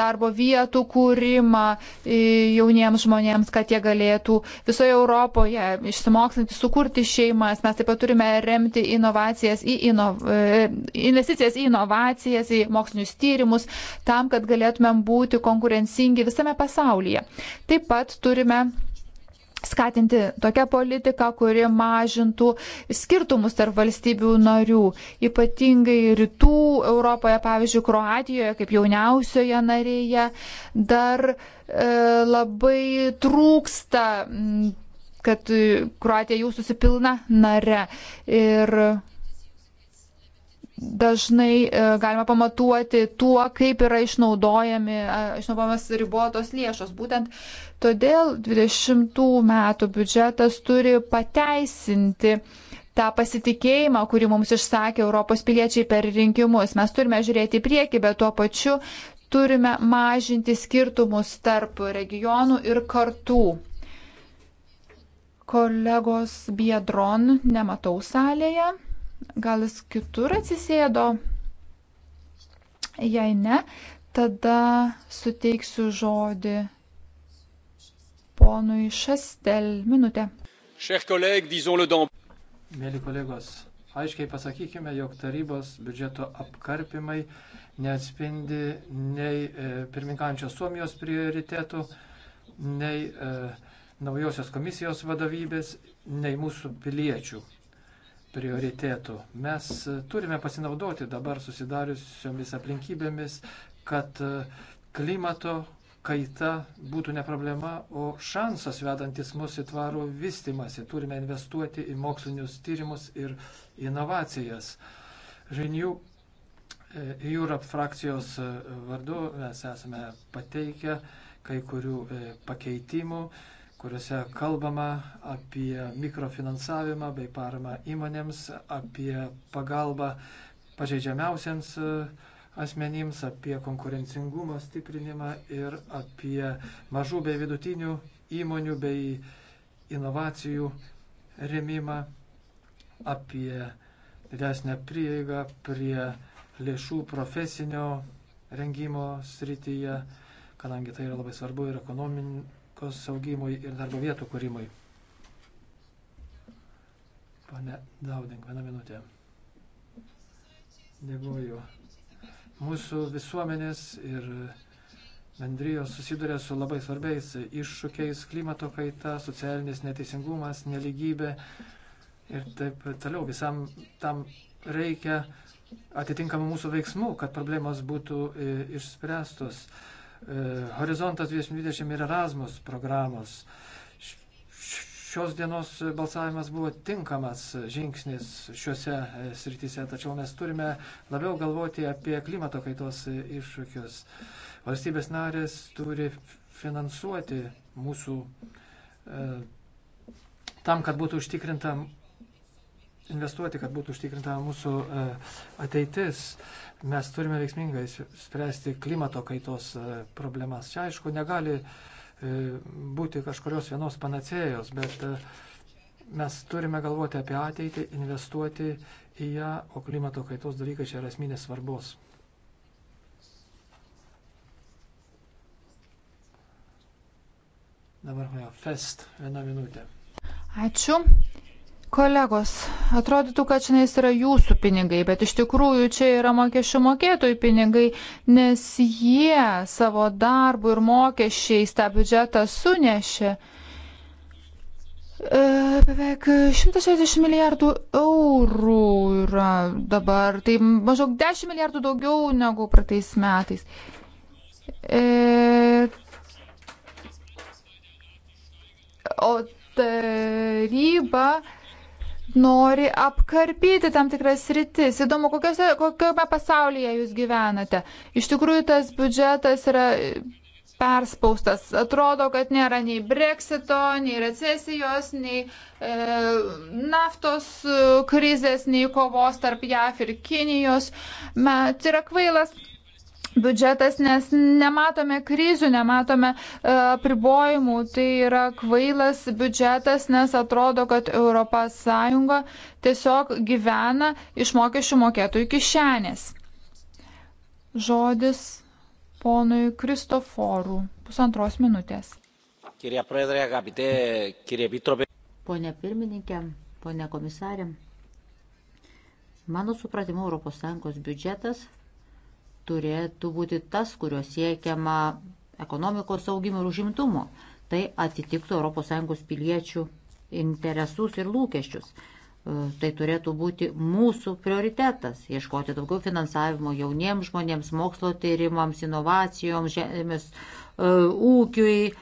darbo vietų kūrimą e, jauniems žmonėms, kad jie galėtų visoje Europoje išsimokslinti, sukurti šeimas. Mes taip pat turime remti inovacijas į inov, e, investicijas į inovacijas, į mokslinius tyrimus, tam, kad galėtumėm būti konkurencingi visame pasaulyje. Taip pat turime skatinti tokią politiką, kuri mažintų skirtumus tarp valstybių narių. Ypatingai rytų Europoje, pavyzdžiui, Kroatijoje, kaip jauniausioje narėje, dar e, labai trūksta, kad Kroatija jau susipilna nare. Ir dažnai e, galima pamatuoti tuo, kaip yra išnaudojami, e, išnaudojamas ribotos lėšos. Būtent todėl 20 metų biudžetas turi pateisinti tą pasitikėjimą, kurį mums išsakė Europos piliečiai per rinkimus. Mes turime žiūrėti į priekį, bet tuo pačiu turime mažinti skirtumus tarp regionų ir kartų. Kolegos Biedron nematau salėje. Gal jis kitur atsisėdo? Jei ne, tada suteiksiu žodį ponui Šastel. Minutė. Mėly kolegos, aiškiai pasakykime, jog tarybos biudžeto apkarpimai neatspindi nei e, pirmininkančios Suomijos prioritetų, nei e, naujosios komisijos vadovybės, nei mūsų piliečių prioritėtų. Mes e, turime pasinaudoti dabar susidariusiomis aplinkybėmis, kad e, klimato kaita būtų ne problema, o šansas vedantis mus į tvarų vystimąsi. Turime investuoti į mokslinius tyrimus ir inovacijas. Žinių e, Europe frakcijos vardu mes esame pateikę kai kurių pakeitimų kuriuose kalbama apie mikrofinansavimą bei paramą įmonėms, apie pagalbą pažeidžiamiausiams e, asmenims, apie konkurencingumo stiprinimą ir apie mažų bei vidutinių įmonių bei inovacijų remimą, apie didesnę prieigą prie lėšų profesinio rengimo srityje, kadangi tai yra labai svarbu ir ekonomin, ekonomikos saugimui ir darbo vietų kūrimui. Pane Dauding, vieną minutę. Dėkuoju. Mūsų visuomenės ir bendrijos susiduria su labai svarbiais iššūkiais - klimato kaita, socialinis neteisingumas, neligybė ir taip toliau. Visam tam reikia atitinkamų mūsų veiksmų, kad problemos būtų e, išspręstos. E, horizontas 2020 ir Erasmus programos. Šios dienos balsavimas buvo tinkamas žingsnis šiuose e, srityse, tačiau mes turime labiau galvoti apie klimato kaitos iššūkius. Valstybės narės turi finansuoti mūsų e, tam, kad būtų užtikrinta investuoti, kad būtų užtikrinta mūsų ateitis mes turime veiksmingai spręsti klimato kaitos e, problemas. Čia aišku negali e, būti kažkurios vienos panacėjos, bet e, mes turime galvoti apie ateitį, investuoti į ją, o klimato kaitos dalykai čia yra esminės svarbos. Dabar jo, fest, viena minutė. Ačiū. Kolegos, atrodytų, kad šiandien yra jūsų pinigai, bet iš tikrųjų čia yra mokesčių mokėtojų pinigai, nes jie savo darbu ir mokesčiais tą biudžetą sunešė. E, beveik 160 milijardų eurų yra dabar, tai maždaug 10 milijardų daugiau negu pratais metais. E, o taryba nori apkarpyti tam tikras rytis. Įdomu, kokiose, kokiame pasaulyje jūs gyvenate. Iš tikrųjų, tas biudžetas yra perspaustas. Atrodo, kad nėra nei breksito, nei recesijos, nei e, naftos e, krizės, nei kovos tarp JAF ir Kinijos. Met yra kvailas biudžetas, nes nematome krizių, nematome e, apribojimų. Tai yra kvailas biudžetas, nes atrodo, kad ES tiesiog gyvena iš mokesčių mokėtojų kišenės. Žodis ponui Kristoforų. Pusantros minutės. Pone pirmininkė, pone komisarė, mano supratimu, ES biudžetas turėtų būti tas, kurio siekiama ekonomikos augimo ir užimtumo. Tai atitiktų ES piliečių interesus ir lūkesčius. E, tai turėtų būti mūsų prioritetas - ieškoti daugiau finansavimo jauniems žmonėms, mokslo tyrimams, inovacijoms, žemės e, ūkiui e,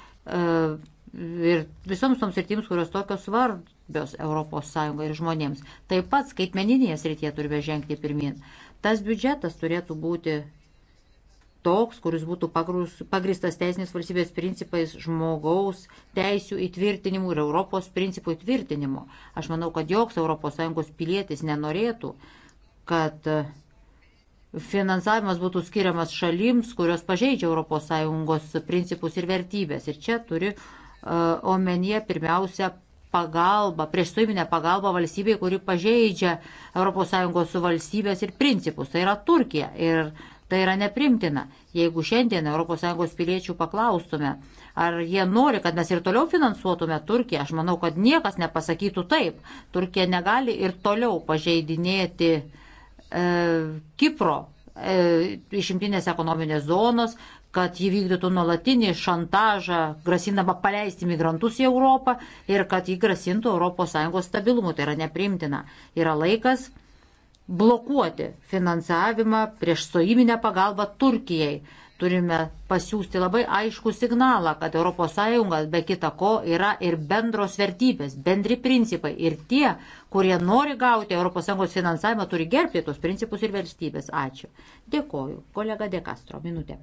ir visoms toms sritims, kurios tokios svarbios ES ir žmonėms. Taip pat skaitmeninėje srityje turime žengti pirmin. Tas biudžetas turėtų būti toks, kuris būtų pagristas teisinės valstybės principais, žmogaus teisių įtvirtinimu ir Europos principų įtvirtinimu. Aš manau, kad joks ES pilietis nenorėtų, kad finansavimas būtų skiriamas šalims, kurios pažeidžia ES principus ir vertybės. Ir čia turi uh, omenyje pirmiausia pagalbą, priešstojiminę pagalbą valstybei, kuri pažeidžia ES valstybės ir principus. Tai yra Turkija ir tai yra neprimtina. Jeigu šiandien ES piliečių paklaustume, ar jie nori, kad mes ir toliau finansuotume Turkiją, aš manau, kad niekas nepasakytų taip. Turkija negali ir toliau pažeidinėti e, Kipro e, išimtinės ekonominės zonos, kad ji vykdytų nuolatinį šantažą, grasindama paleisti migrantus į Europą ir kad ji grasintų ES stabilumui. Tai yra neprimtina. Yra laikas blokuoti finansavimą prieš stojiminę pagalbą Turkijai. Turime pasiūsti labai aišku signalą, kad ES be kita ko yra ir bendros vertybės, bendri principai. Ir tie, kurie nori gauti ES finansavimą, turi gerbti tos principus ir vertybės. Ačiū. Dėkoju. Kolega Dekastro, minutė.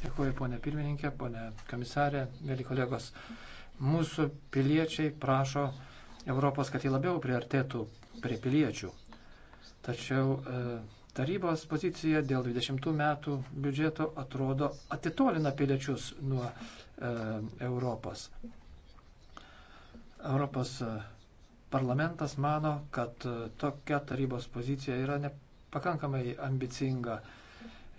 Dėkuoju, ponė pirmininkė, ponė komisarė, mėly kolegos. Mūsų piliečiai prašo Europos, kad jį labiau priartėtų prie piliečių. Tačiau e, tarybos pozicija dėl 20 metų biudžeto atrodo atitolina piliečius nuo e, Europos. Europos e, parlamentas mano, kad e, tokia tarybos pozicija yra nepakankamai ambicinga. E,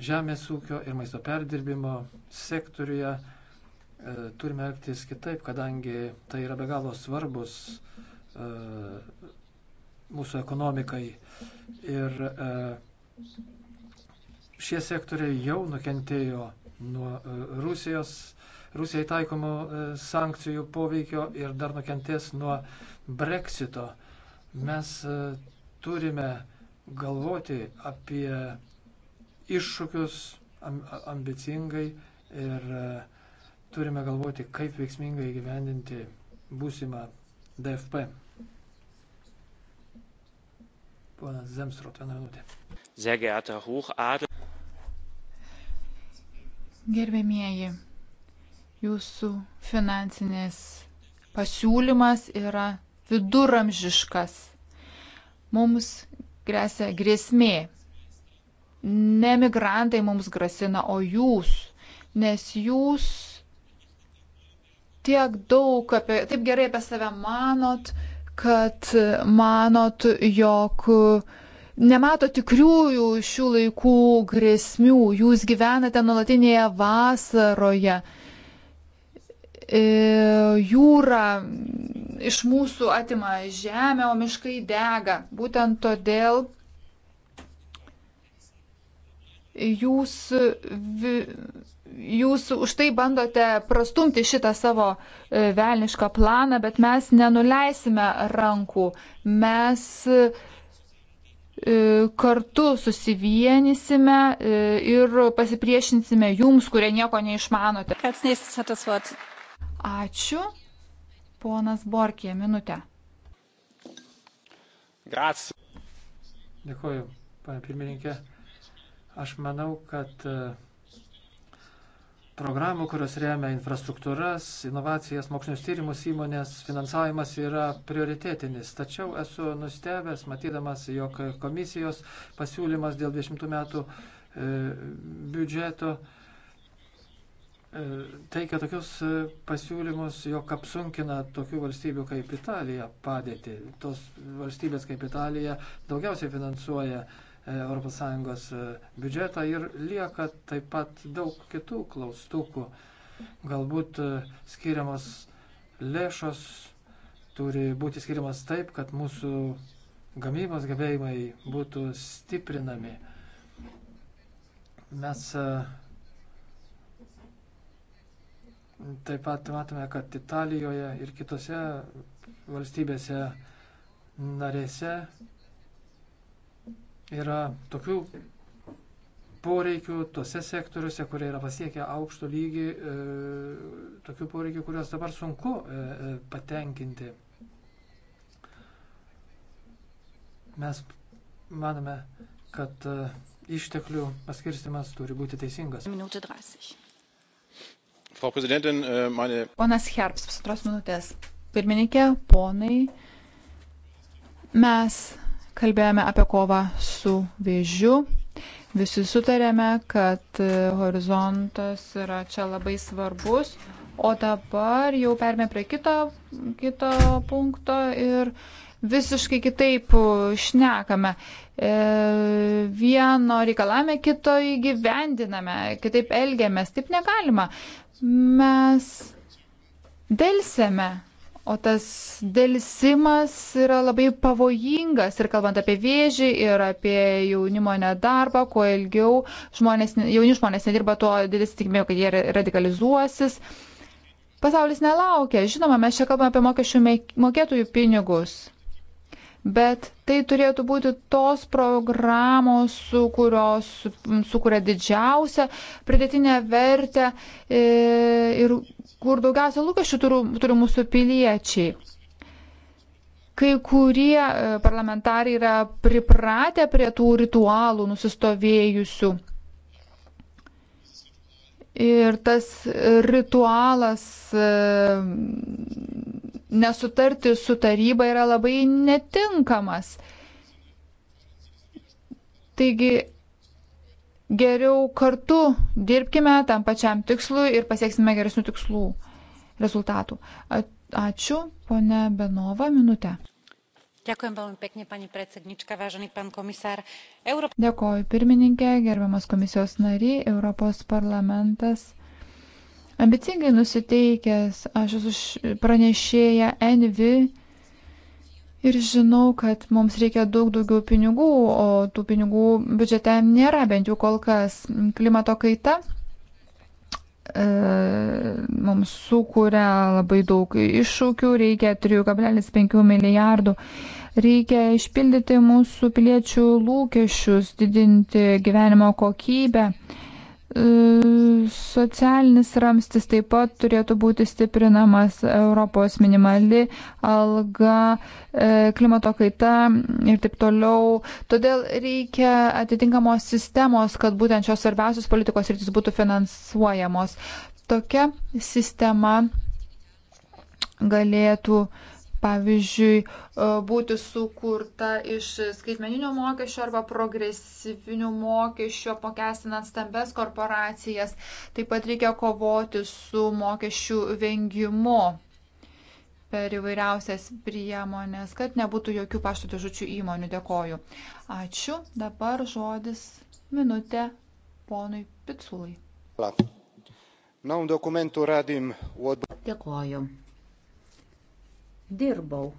žemės ūkio ir maisto perdirbimo sektoriuje e, turime elgtis kitaip, kadangi tai yra be galo svarbus e, mūsų ekonomikai. Ir e, šie sektoriai jau nukentėjo nuo Rusijos, Rusijai taikomų sankcijų poveikio ir dar nukentės nuo Brexito. Mes turime galvoti apie iššūkius ambicingai ir e, turime galvoti, kaip veiksmingai gyvendinti būsimą DFP. Ponas Zemstrot, vieną minutę. Sehr geehrter Hochadel. Gerbėmieji, jūsų finansinės pasiūlymas yra viduramžiškas. Mums grėsia grėsmė ne migrantai mums grasina, o jūs, nes jūs tiek daug apie, taip gerai apie save manot, kad manot, jog nemato tikriųjų šių laikų grėsmių, jūs gyvenate nuolatinėje vasaroje. E, jūra iš mūsų atima žemę, o miškai dega. Būtent todėl jūs, jūs už tai bandote prastumti šitą savo e, velnišką planą, bet mes nenuleisime rankų. Mes e, kartu susivienysime e, ir pasipriešinsime jums, kurie nieko neišmanote. Ačiū. Ponas Borkė, minutę. Grazie. Dėkuoju, pane pirmininkė. Aš manau, kad e, programų, kurios remia infrastruktūras, inovacijas, mokslinius tyrimus įmonės, finansavimas yra prioritėtinis. Tačiau esu nustebęs, matydamas, jog komisijos pasiūlymas dėl 20 metų e, biudžeto e, teikia tokius e, pasiūlymus, jog apsunkina tokių valstybių kaip Italija padėti. Tos valstybės kaip Italija daugiausiai finansuoja e, ES e, biudžetą ir lieka taip pat daug kitų klaustukų. Galbūt e, skiriamos lėšos turi būti skiriamas taip, kad mūsų gamybos gebėjimai būtų stiprinami. Mes e, taip pat matome, kad Italijoje ir kitose valstybėse narėse yra tokių poreikių tose sektoriuose, kurie yra pasiekę aukšto lygį, e, tokių poreikių, kuriuos dabar sunku e, e patenkinti. Mes manome, kad e, išteklių paskirstimas turi būti teisingas. Minutė 30. Frau Präsidentin, äh, meine. Ponas Herps, pusantros minutės. Pirmininkė, ponai, mes kalbėjome apie kovą su vėžiu. Visi sutarėme, kad e, horizontas yra čia labai svarbus. O dabar jau perėmė prie kito, kito punkto ir visiškai kitaip e, šnekame. E, vieno reikalame, kito įgyvendiname, kitaip elgiamės. Taip negalima. Mes dėlsėme O tas dėlsimas yra labai pavojingas ir kalbant apie vėžį ir apie jaunimo nedarbą, kuo ilgiau žmonės, jauni žmonės nedirba, tuo didesnė tikimybė, kad jie radikalizuosis. Pasaulis nelaukia. Žinoma, mes čia kalbame apie mokesčių mokėtojų pinigus bet tai turėtų būti tos programos, su kurios sukuria didžiausią pridėtinę vertę e, ir kur daugiausia lūkesčių turi, turi mūsų piliečiai. Kai kurie e, parlamentarai yra pripratę prie tų ritualų nusistovėjusių. Ir tas ritualas e, nesutarti su taryba yra labai netinkamas. Taigi geriau kartu dirbkime tam pačiam tikslui ir pasieksime geresnių tikslų rezultatų. Ačiū, ponė Benova, minutę. Ďakujem veľmi pekne, pani predsednička, vážený pán komisár. Euró... Dėkoju pirmininkė, gerbiamas komisijos nariai, Europos parlamentas ambicingai nusiteikęs, aš esu pranešėja Envi ir žinau, kad mums reikia daug daugiau pinigų, o tų pinigų biudžete nėra, bent jau kol kas. Klimato kaita e, mums sukuria labai daug iššūkių, reikia 3,5 milijardų, reikia išpildyti mūsų piliečių lūkesčius, didinti gyvenimo kokybę. Uh, Socialinis ramstis taip pat turėtų būti stiprinamas Europos minimali alga, e, klimato kaita ir taip toliau. Todėl reikia atitinkamos sistemos, kad būtent šios svarbiausios politikos rytis būtų finansuojamos. Tokia sistema galėtų uh, pavyzdžiui, e, būti sukurta iš skaitmeninio mokesčio arba progresyvinių mokesčių, apmokestinant stambes korporacijas. Taip pat reikia kovoti su mokesčių vengimu per įvairiausias priemonės, kad nebūtų jokių pašto dėžučių įmonių. Dėkoju. Ačiū. Dabar žodis minutė ponui Pitsulai. Dėkoju dirbau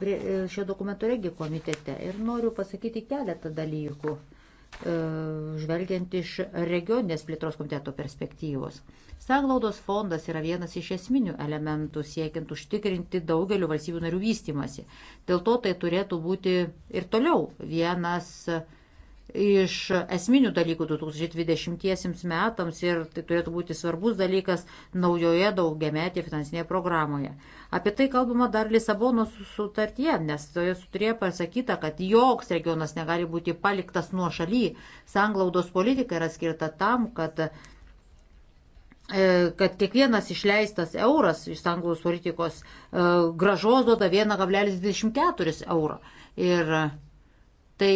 e, šio dokumento regi komitete ir noriu pasakyti keletą dalykų, e, žvelgiant iš regioninės plėtros komiteto perspektyvos. Sanglaudos fondas yra vienas iš esminių elementų siekiant užtikrinti daugeliu valstybių narių vystimasi. Dėl to tai turėtų būti ir toliau vienas iš esminių dalykų 2020 metams ir tai turėtų būti svarbus dalykas naujoje daugiametėje finansinėje programoje. Apie tai kalbama dar Lisabono sutartie, nes toje sutartyje pasakyta, kad joks regionas negali būti paliktas nuo šaly. Sanglaudos politika yra skirta tam, kad e, kad kiekvienas išleistas euras iš sanglaudos politikos e, gražos duoda 1,24 euro. Ir tai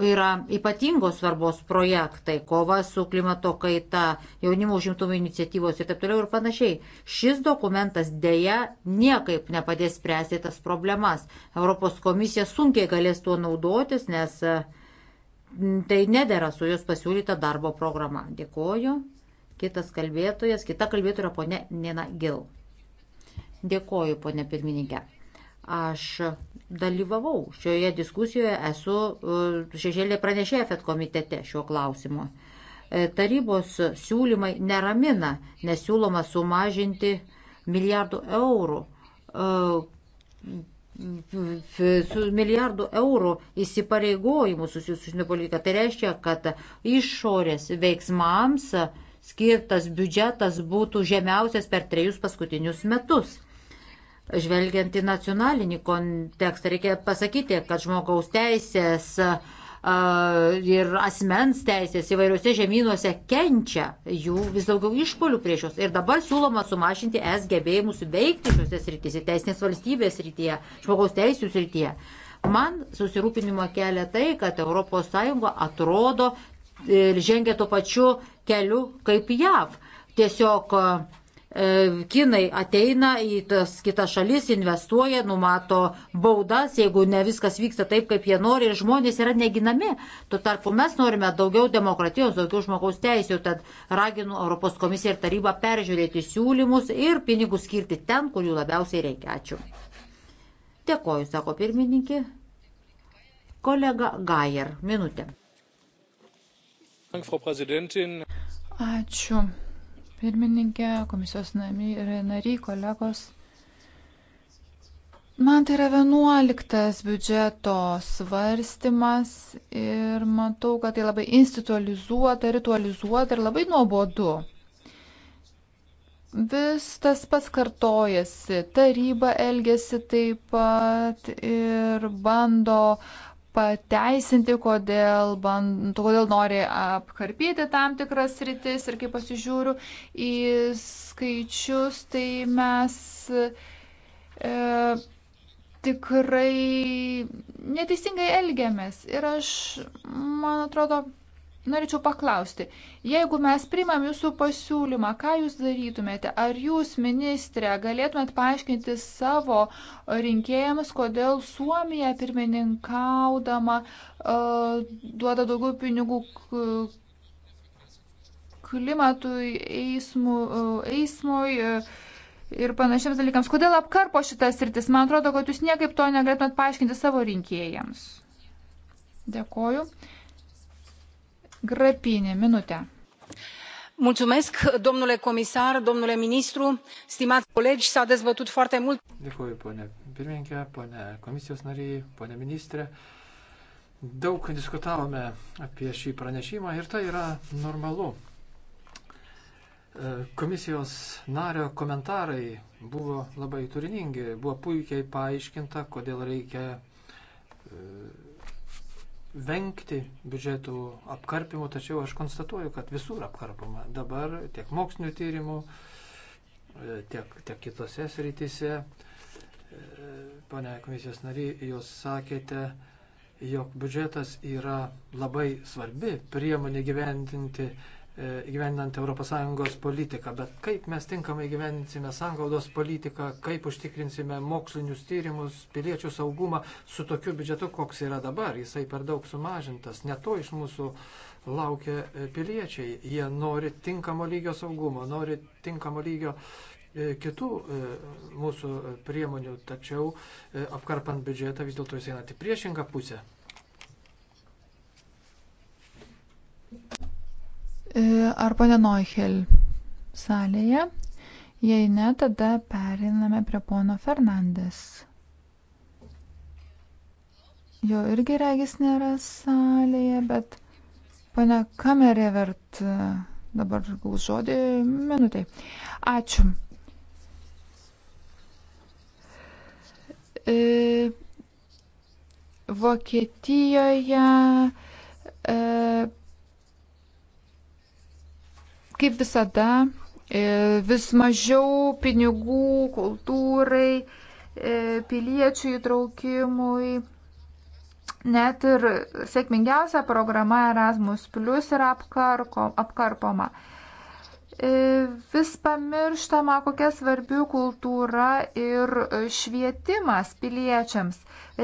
yra ypatingos svarbos projektai, kova su klimato kaita, jaunimo užimtumo iniciatyvos ir taip toliau ir panašiai. Šis dokumentas dėja niekaip nepadės spręsti tas problemas. Europos komisija sunkiai galės tuo naudotis, nes tai nedėra su jos pasiūlyta darbo programa. Dėkoju. Kitas kalbėtojas, kita kalbėtoja ponė Nina Gil. Dėkoju, ponė pirmininkė. Aš dalyvavau šioje diskusijoje, esu e, šešėlė pranešėja FED komitete šiuo klausimu. E, tarybos siūlymai neramina, nes siūloma sumažinti milijardų eurų e, su milijardu eurų įsipareigojimų susijusių su politika. Tai reiškia, kad išorės veiksmams skirtas biudžetas būtų žemiausias per trejus paskutinius metus. Žvelgiant į nacionalinį kontekstą, reikia pasakyti, kad žmogaus teisės ir asmens teisės įvairiuose žemynuose kenčia, jų vis daugiau išpolių prieš juos. Ir dabar siūloma sumažinti es gebėjimus veikti šiuose srityse, teisinės valstybės srityje, žmogaus teisų srityje. Man susirūpinimo kelia tai, kad ES atrodo ir žengia tuo pačiu keliu kaip JAV. Tiesiog uh, E, kinai ateina į tas kitas šalis, investuoja, numato baudas, jeigu ne viskas vyksta taip, kaip jie nori ir žmonės yra neginami. Tuo tarpu mes norime daugiau demokratijos, daugiau žmogaus teisų, tad raginu Europos komisiją ir tarybą peržiūrėti siūlymus ir pinigus skirti ten, kur jų labiausiai reikia. Ačiū. Dėkoju, sako pirmininkė. Kolega Gajer, minutė. Ačiū pirmininkė, komisijos nariai, kolegos. Man tai yra vienuoliktas biudžeto svarstymas ir matau, kad tai labai institualizuota, ritualizuota ir labai nuobodu. Vis tas pats kartojasi, taryba elgesi taip pat ir bando uh, pateisinti, kodėl, band, kodėl nori apkarpyti tam tikras rytis ir kai pasižiūriu į skaičius, tai mes e, tikrai neteisingai elgiamės. Ir aš, man atrodo, norėčiau paklausti, jeigu mes primam jūsų pasiūlymą, ką jūs darytumėte, ar jūs, ministrė, galėtumėt paaiškinti savo e, rinkėjams, kodėl Suomija pirmininkaudama uh, duoda daugiau pinigų klimatui, eismų, e, eismui ir panašiams dalykams. Kodėl apkarpo šitas rytis? Man atrodo, kad jūs niekaip to negalėtumėt paaiškinti savo rinkėjams. Dėkoju. Grapinė, minutė. Mulțumesc, domnule comisar, domnule ministru, stimați colegi, s-a dezbătut foarte mult. Dėkuoju, ponė pirmininkė, ponė komisijos nariai, ponė ministrė. Daug diskutavome apie šį pranešimą ir tai yra normalu. Komisijos nario komentarai buvo labai turiningi, buvo puikiai paaiškinta, kodėl reikia vengti biudžetų apkarpimų, tačiau aš konstatuoju, kad visur apkarpama. Dabar tiek mokslinių tyrimų, e, tiek, tiek kitose srityse. E, Pane komisijos nariai, jūs sakėte, jog biudžetas yra labai svarbi priemonė gyvendinti E, įgyvendinant ES politiką. Bet kaip mes tinkamai gyvendinsime sangaudos politiką, kaip užtikrinsime mokslinius tyrimus, piliečių saugumą su tokiu biudžetu, koks yra dabar. Jisai per daug sumažintas. Ne to iš mūsų laukia e, piliečiai. Jie nori tinkamo lygio saugumo, nori tinkamo lygio e, kitų mūsų priemonių, tačiau apkarpant biudžetą vis dėlto jis eina tik priešingą pusę. E, ar ponė Noichel salėje? Jei ne, tada periname prie pono Fernandes. Jo irgi regis nėra salėje, bet ponia kamerė vert e, dabar gaus žodį minutai. Ačiū. E, Vokietijoje Kaip visada, e, vis mažiau pinigų kultūrai, e, piliečių įtraukimui. Net ir sėkmingiausia programa Erasmus Plus yra apkarko, apkarpoma e, vis pamirštama, kokia svarbi kultūra ir švietimas piliečiams.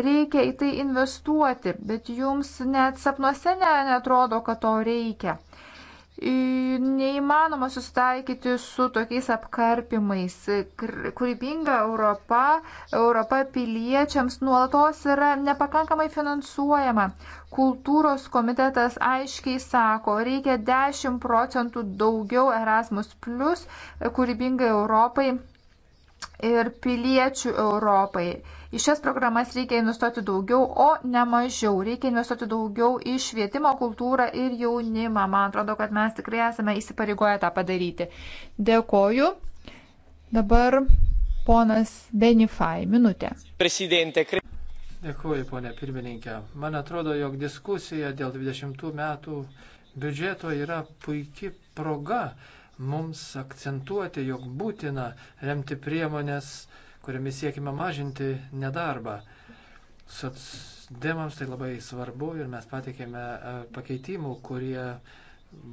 Reikia į tai investuoti, bet jums net sapnuose ne, netrodo, kad to reikia neįmanoma susitaikyti su tokiais apkarpimais. Kūrybinga Europa, Europa piliečiams nuolatos yra nepakankamai finansuojama. Kultūros komitetas aiškiai sako, reikia 10 procentų daugiau Erasmus, kūrybingai Europai ir piliečių Europai. Į šias programas reikia investuoti daugiau, o ne mažiau. Reikia investuoti daugiau į švietimo kultūrą ir jaunimą. Man atrodo, kad mes tikrai esame įsipareigoję tą padaryti. Dėkoju. Dabar ponas Benifai, minutė. Presidente. Dėkuoju, ponė pirmininkė. Man atrodo, jog diskusija dėl 20 metų biudžeto yra puikia proga mums akcentuoti, jog būtina remti priemonės, kuriamis siekime mažinti nedarbą. Socdemams tai labai svarbu ir mes pateikėme e, pakeitimų, kurie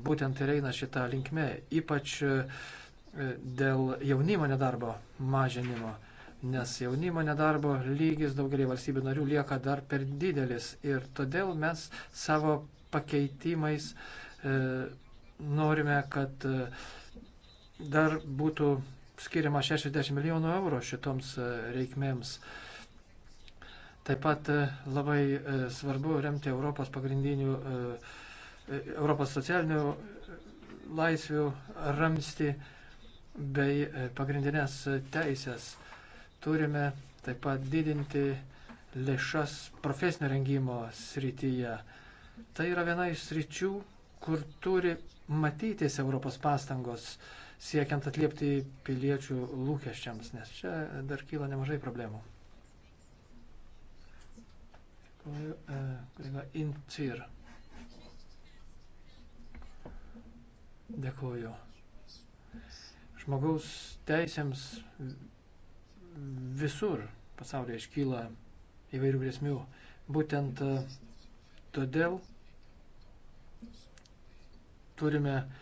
būtent ir eina šitą linkmę, ypač e, dėl jaunimo nedarbo mažinimo, nes jaunimo nedarbo lygis daugelį valstybių narių lieka dar per didelis ir todėl mes savo pakeitimais e, norime, kad e, dar būtų skiriama 60 milijonų eurų šitoms e, reikmėms. Taip pat e, labai svarbu remti Europos pagrindinių, Europos socialinių laisvių ramsti bei pagrindinės teisės. Turime taip pat didinti lėšas profesinio rengimo srityje. Tai yra viena iš sričių, kur turi matytis Europos pastangos siekiant atliepti piliečių lūkesčiams, nes čia dar kyla nemažai problemų. E, kolega Incir. Dėkuoju. Žmogaus teisėms visur pasaulyje iškyla įvairių grėsmių. Būtent e, todėl turime